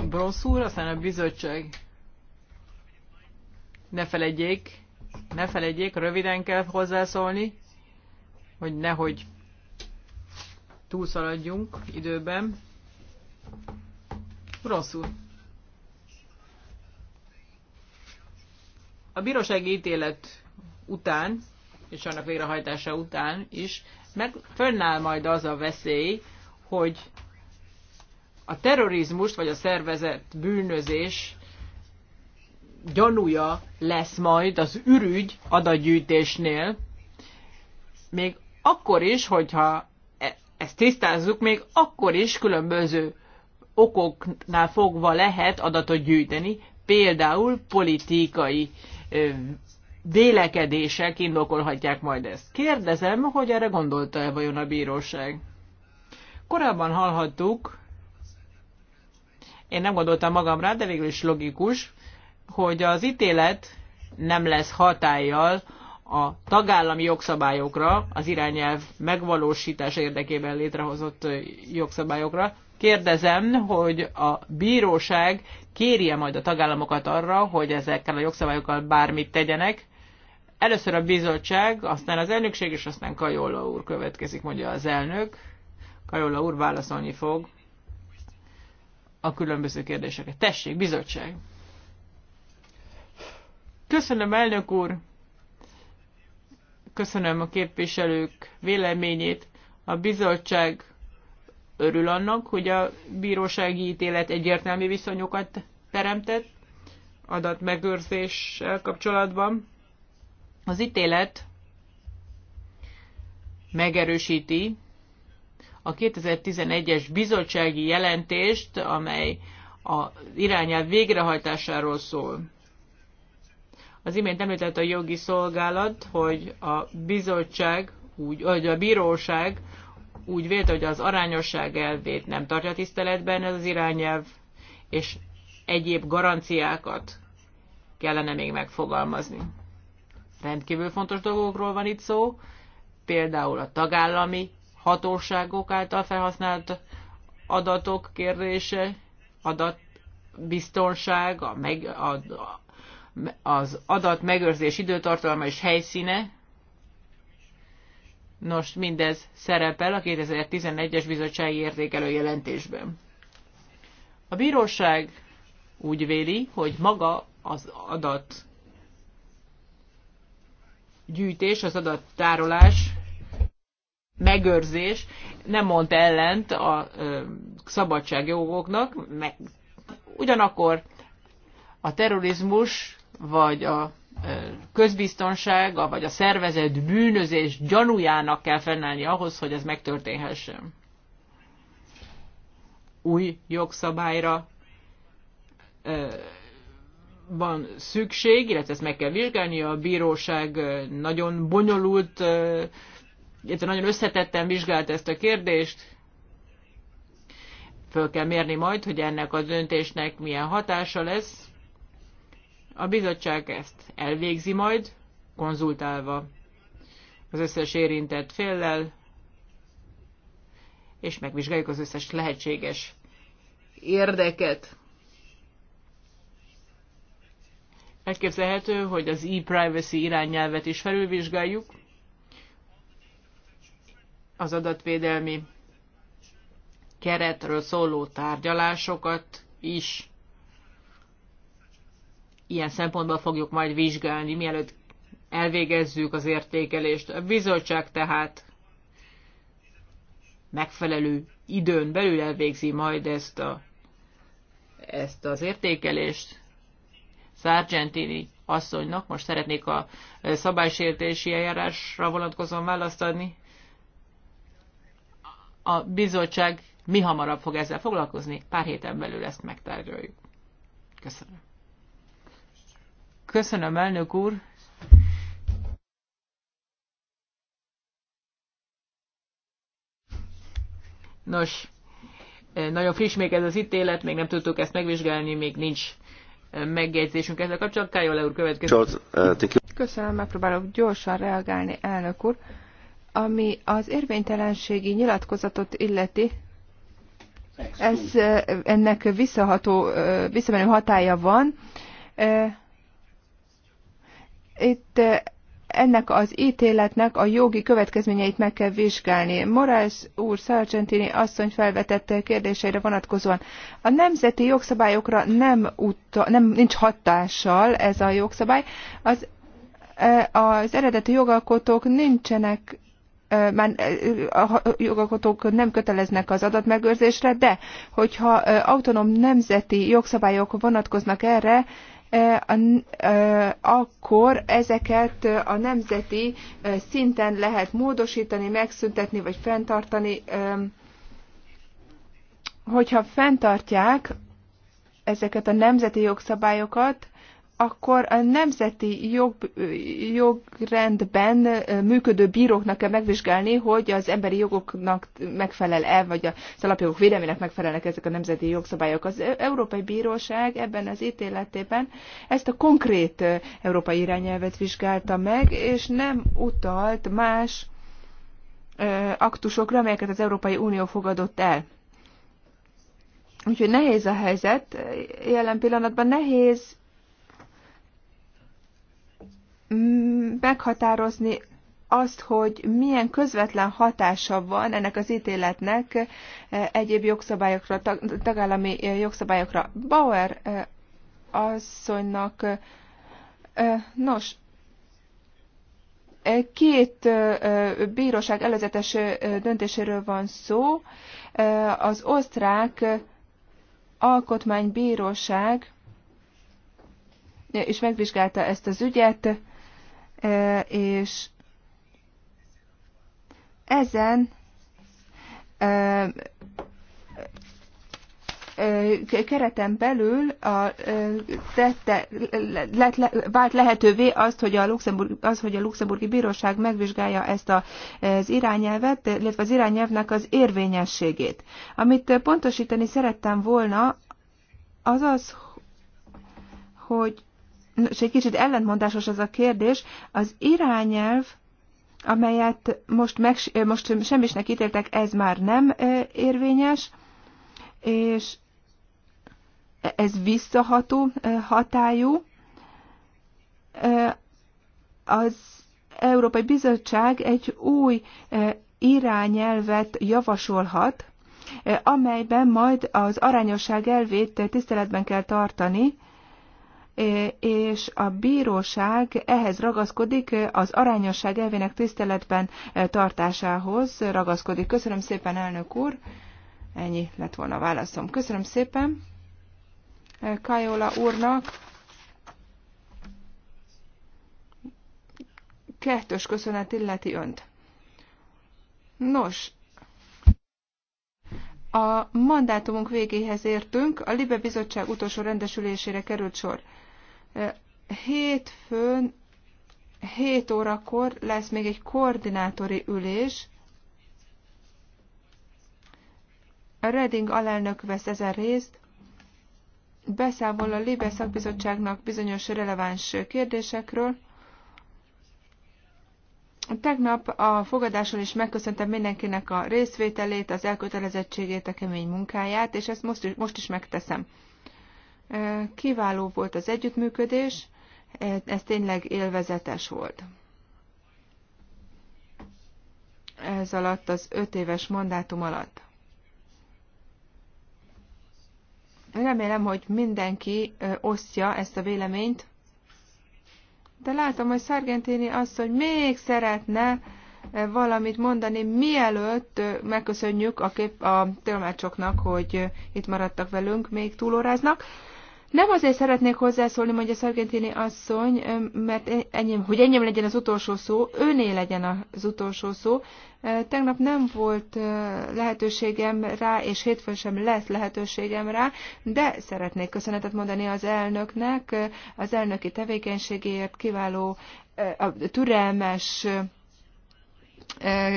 Bronx úr, aztán a bizottság. Ne feledjék, ne feledjék, röviden kell hozzászólni, hogy nehogy túlszaladjunk időben. Rosszul. A bírósági ítélet után, és annak végrehajtása után is, meg fönnáll majd az a veszély, hogy a terrorizmust vagy a szervezett bűnözés gyanúja lesz majd az ürügy adagyűjtésnél, még akkor is, hogyha ezt tisztázzuk, még akkor is különböző okoknál fogva lehet adatot gyűjteni, például politikai vélekedések indokolhatják majd ezt. Kérdezem, hogy erre gondolta-e vajon a bíróság? Korábban hallhattuk, én nem gondoltam magam rá, de végül is logikus, hogy az ítélet nem lesz hatállyal a tagállami jogszabályokra, az irányelv megvalósítása érdekében létrehozott jogszabályokra. Kérdezem, hogy a bíróság kérje majd a tagállamokat arra, hogy ezekkel a jogszabályokkal bármit tegyenek. Először a bizottság, aztán az elnökség, és aztán Kajola úr következik, mondja az elnök. Kajola úr válaszolni fog a különböző kérdéseket. Tessék, bizottság! Köszönöm, elnök úr! köszönöm a képviselők véleményét. A bizottság örül annak, hogy a bírósági ítélet egyértelmű viszonyokat teremtett adatmegőrzéssel kapcsolatban. Az ítélet megerősíti a 2011-es bizottsági jelentést, amely az irányelv végrehajtásáról szól. Az imént említett a jogi szolgálat, hogy a bizottság, úgy, vagy a bíróság úgy vélte, hogy az arányosság elvét nem tartja tiszteletben ez az irányelv, és egyéb garanciákat kellene még megfogalmazni. Rendkívül fontos dolgokról van itt szó, például a tagállami hatóságok által felhasznált adatok kérdése, adatbiztonság, a, meg, a, az adat megőrzés időtartalma és helyszíne. Nos, mindez szerepel a 2011-es bizottsági értékelő jelentésben. A bíróság úgy véli, hogy maga az adat gyűjtés, az adattárolás, megőrzés nem mond ellent a ö, szabadságjogoknak, meg ugyanakkor a terrorizmus vagy a közbiztonság, vagy a szervezet bűnözés gyanújának kell fennállni ahhoz, hogy ez megtörténhessen. Új jogszabályra van szükség, illetve ezt meg kell vizsgálni, a bíróság nagyon bonyolult, illetve nagyon összetetten vizsgált ezt a kérdést, föl kell mérni majd, hogy ennek a döntésnek milyen hatása lesz, a bizottság ezt elvégzi majd, konzultálva az összes érintett féllel, és megvizsgáljuk az összes lehetséges érdeket. Elképzelhető, hogy az e-privacy irányelvet is felülvizsgáljuk, az adatvédelmi keretről szóló tárgyalásokat is ilyen szempontból fogjuk majd vizsgálni, mielőtt elvégezzük az értékelést. A bizottság tehát megfelelő időn belül elvégzi majd ezt, a, ezt az értékelést. Sargentini asszonynak most szeretnék a szabálysértési eljárásra vonatkozóan választ adni. A bizottság mi hamarabb fog ezzel foglalkozni? Pár héten belül ezt megtárgyaljuk. Köszönöm. Köszönöm, elnök úr. Nos, eh, nagyon friss még ez az ítélet, még nem tudtuk ezt megvizsgálni, még nincs eh, megjegyzésünk ezzel kapcsolatban. Kájol úr következő. Eh, Köszönöm, megpróbálok gyorsan reagálni, elnök úr. Ami az érvénytelenségi nyilatkozatot illeti, ez, ennek visszaható, visszamenő hatája van itt eh, ennek az ítéletnek a jogi következményeit meg kell vizsgálni. Morales úr Sargentini asszony felvetette kérdéseire vonatkozóan. A nemzeti jogszabályokra nem, uta, nem nincs hatással ez a jogszabály. Az, eh, az eredeti jogalkotók nincsenek eh, már a jogalkotók nem köteleznek az adatmegőrzésre, de hogyha autonóm nemzeti jogszabályok vonatkoznak erre, akkor ezeket a nemzeti szinten lehet módosítani, megszüntetni vagy fenntartani. Hogyha fenntartják ezeket a nemzeti jogszabályokat, akkor a nemzeti jog, jogrendben működő bíróknak kell megvizsgálni, hogy az emberi jogoknak megfelel-e, vagy az alapjogok védelmének megfelelnek ezek a nemzeti jogszabályok. Az e- Európai Bíróság ebben az ítéletében ezt a konkrét európai irányelvet vizsgálta meg, és nem utalt más aktusokra, amelyeket az Európai Unió fogadott el. Úgyhogy nehéz a helyzet, jelen pillanatban nehéz meghatározni azt, hogy milyen közvetlen hatása van ennek az ítéletnek eh, egyéb jogszabályokra, tagállami eh, jogszabályokra. Bauer eh, asszonynak, nos, két bíróság előzetes döntéséről van szó. Az osztrák alkotmánybíróság és megvizsgálta ezt az ügyet és ezen kereten belül a, tette, le, le, vált lehetővé azt, hogy a, Luxemburg, az, hogy a luxemburgi bíróság megvizsgálja ezt a, az irányelvet, illetve az irányelvnek az érvényességét. Amit pontosítani szerettem volna, az az, hogy és egy kicsit ellentmondásos az a kérdés, az irányelv, amelyet most, meg, most semmisnek ítéltek, ez már nem érvényes, és ez visszaható hatályú. Az Európai Bizottság egy új irányelvet javasolhat, amelyben majd az arányosság elvét tiszteletben kell tartani, és a bíróság ehhez ragaszkodik, az arányosság elvének tiszteletben tartásához ragaszkodik. Köszönöm szépen, elnök úr! Ennyi lett volna a válaszom. Köszönöm szépen Kajola úrnak. Kettős köszönet illeti önt. Nos, a mandátumunk végéhez értünk, a Libe Bizottság utolsó rendesülésére került sor. Hétfőn 7 órakor lesz még egy koordinátori ülés. A Reding alelnök vesz ezen részt, beszámol a Libe szakbizottságnak bizonyos releváns kérdésekről. Tegnap a fogadáson is megköszöntem mindenkinek a részvételét, az elkötelezettségét, a kemény munkáját, és ezt most is, most is megteszem. Kiváló volt az együttműködés, ez tényleg élvezetes volt. Ez alatt az öt éves mandátum alatt. Remélem, hogy mindenki osztja ezt a véleményt, de látom, hogy Szargentini azt, hogy még szeretne valamit mondani, mielőtt megköszönjük a, kép, a tolmácsoknak, hogy itt maradtak velünk, még túlóráznak. Nem azért szeretnék hozzászólni, mondja Szargentini asszony, mert e- enyém, hogy enyém legyen az utolsó szó, őné legyen az utolsó szó. Tegnap nem volt lehetőségem rá, és hétfőn sem lesz lehetőségem rá, de szeretnék köszönetet mondani az elnöknek, az elnöki tevékenységéért, kiváló, a türelmes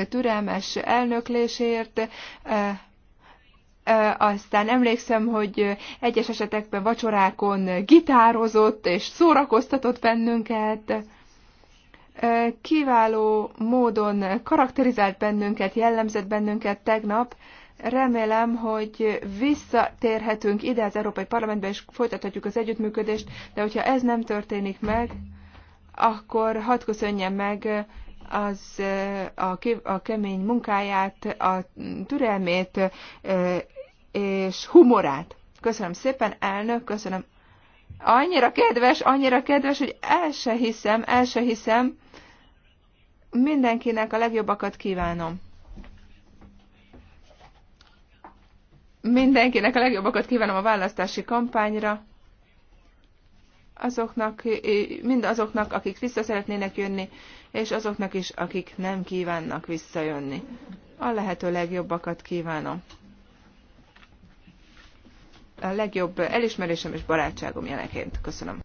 türelmes elnöklésért, aztán emlékszem, hogy egyes esetekben vacsorákon gitározott és szórakoztatott bennünket, kiváló módon karakterizált bennünket, jellemzett bennünket tegnap, Remélem, hogy visszatérhetünk ide az Európai Parlamentbe, és folytathatjuk az együttműködést, de hogyha ez nem történik meg, akkor hadd köszönjem meg az, a, a kemény munkáját, a türelmét és humorát. Köszönöm szépen, elnök, köszönöm. Annyira kedves, annyira kedves, hogy el se hiszem, el se hiszem. Mindenkinek a legjobbakat kívánom. Mindenkinek a legjobbakat kívánom a választási kampányra. Azoknak, mind azoknak, akik vissza szeretnének jönni, és azoknak is, akik nem kívánnak visszajönni. A lehető legjobbakat kívánom a legjobb elismerésem és barátságom jeleként. Köszönöm.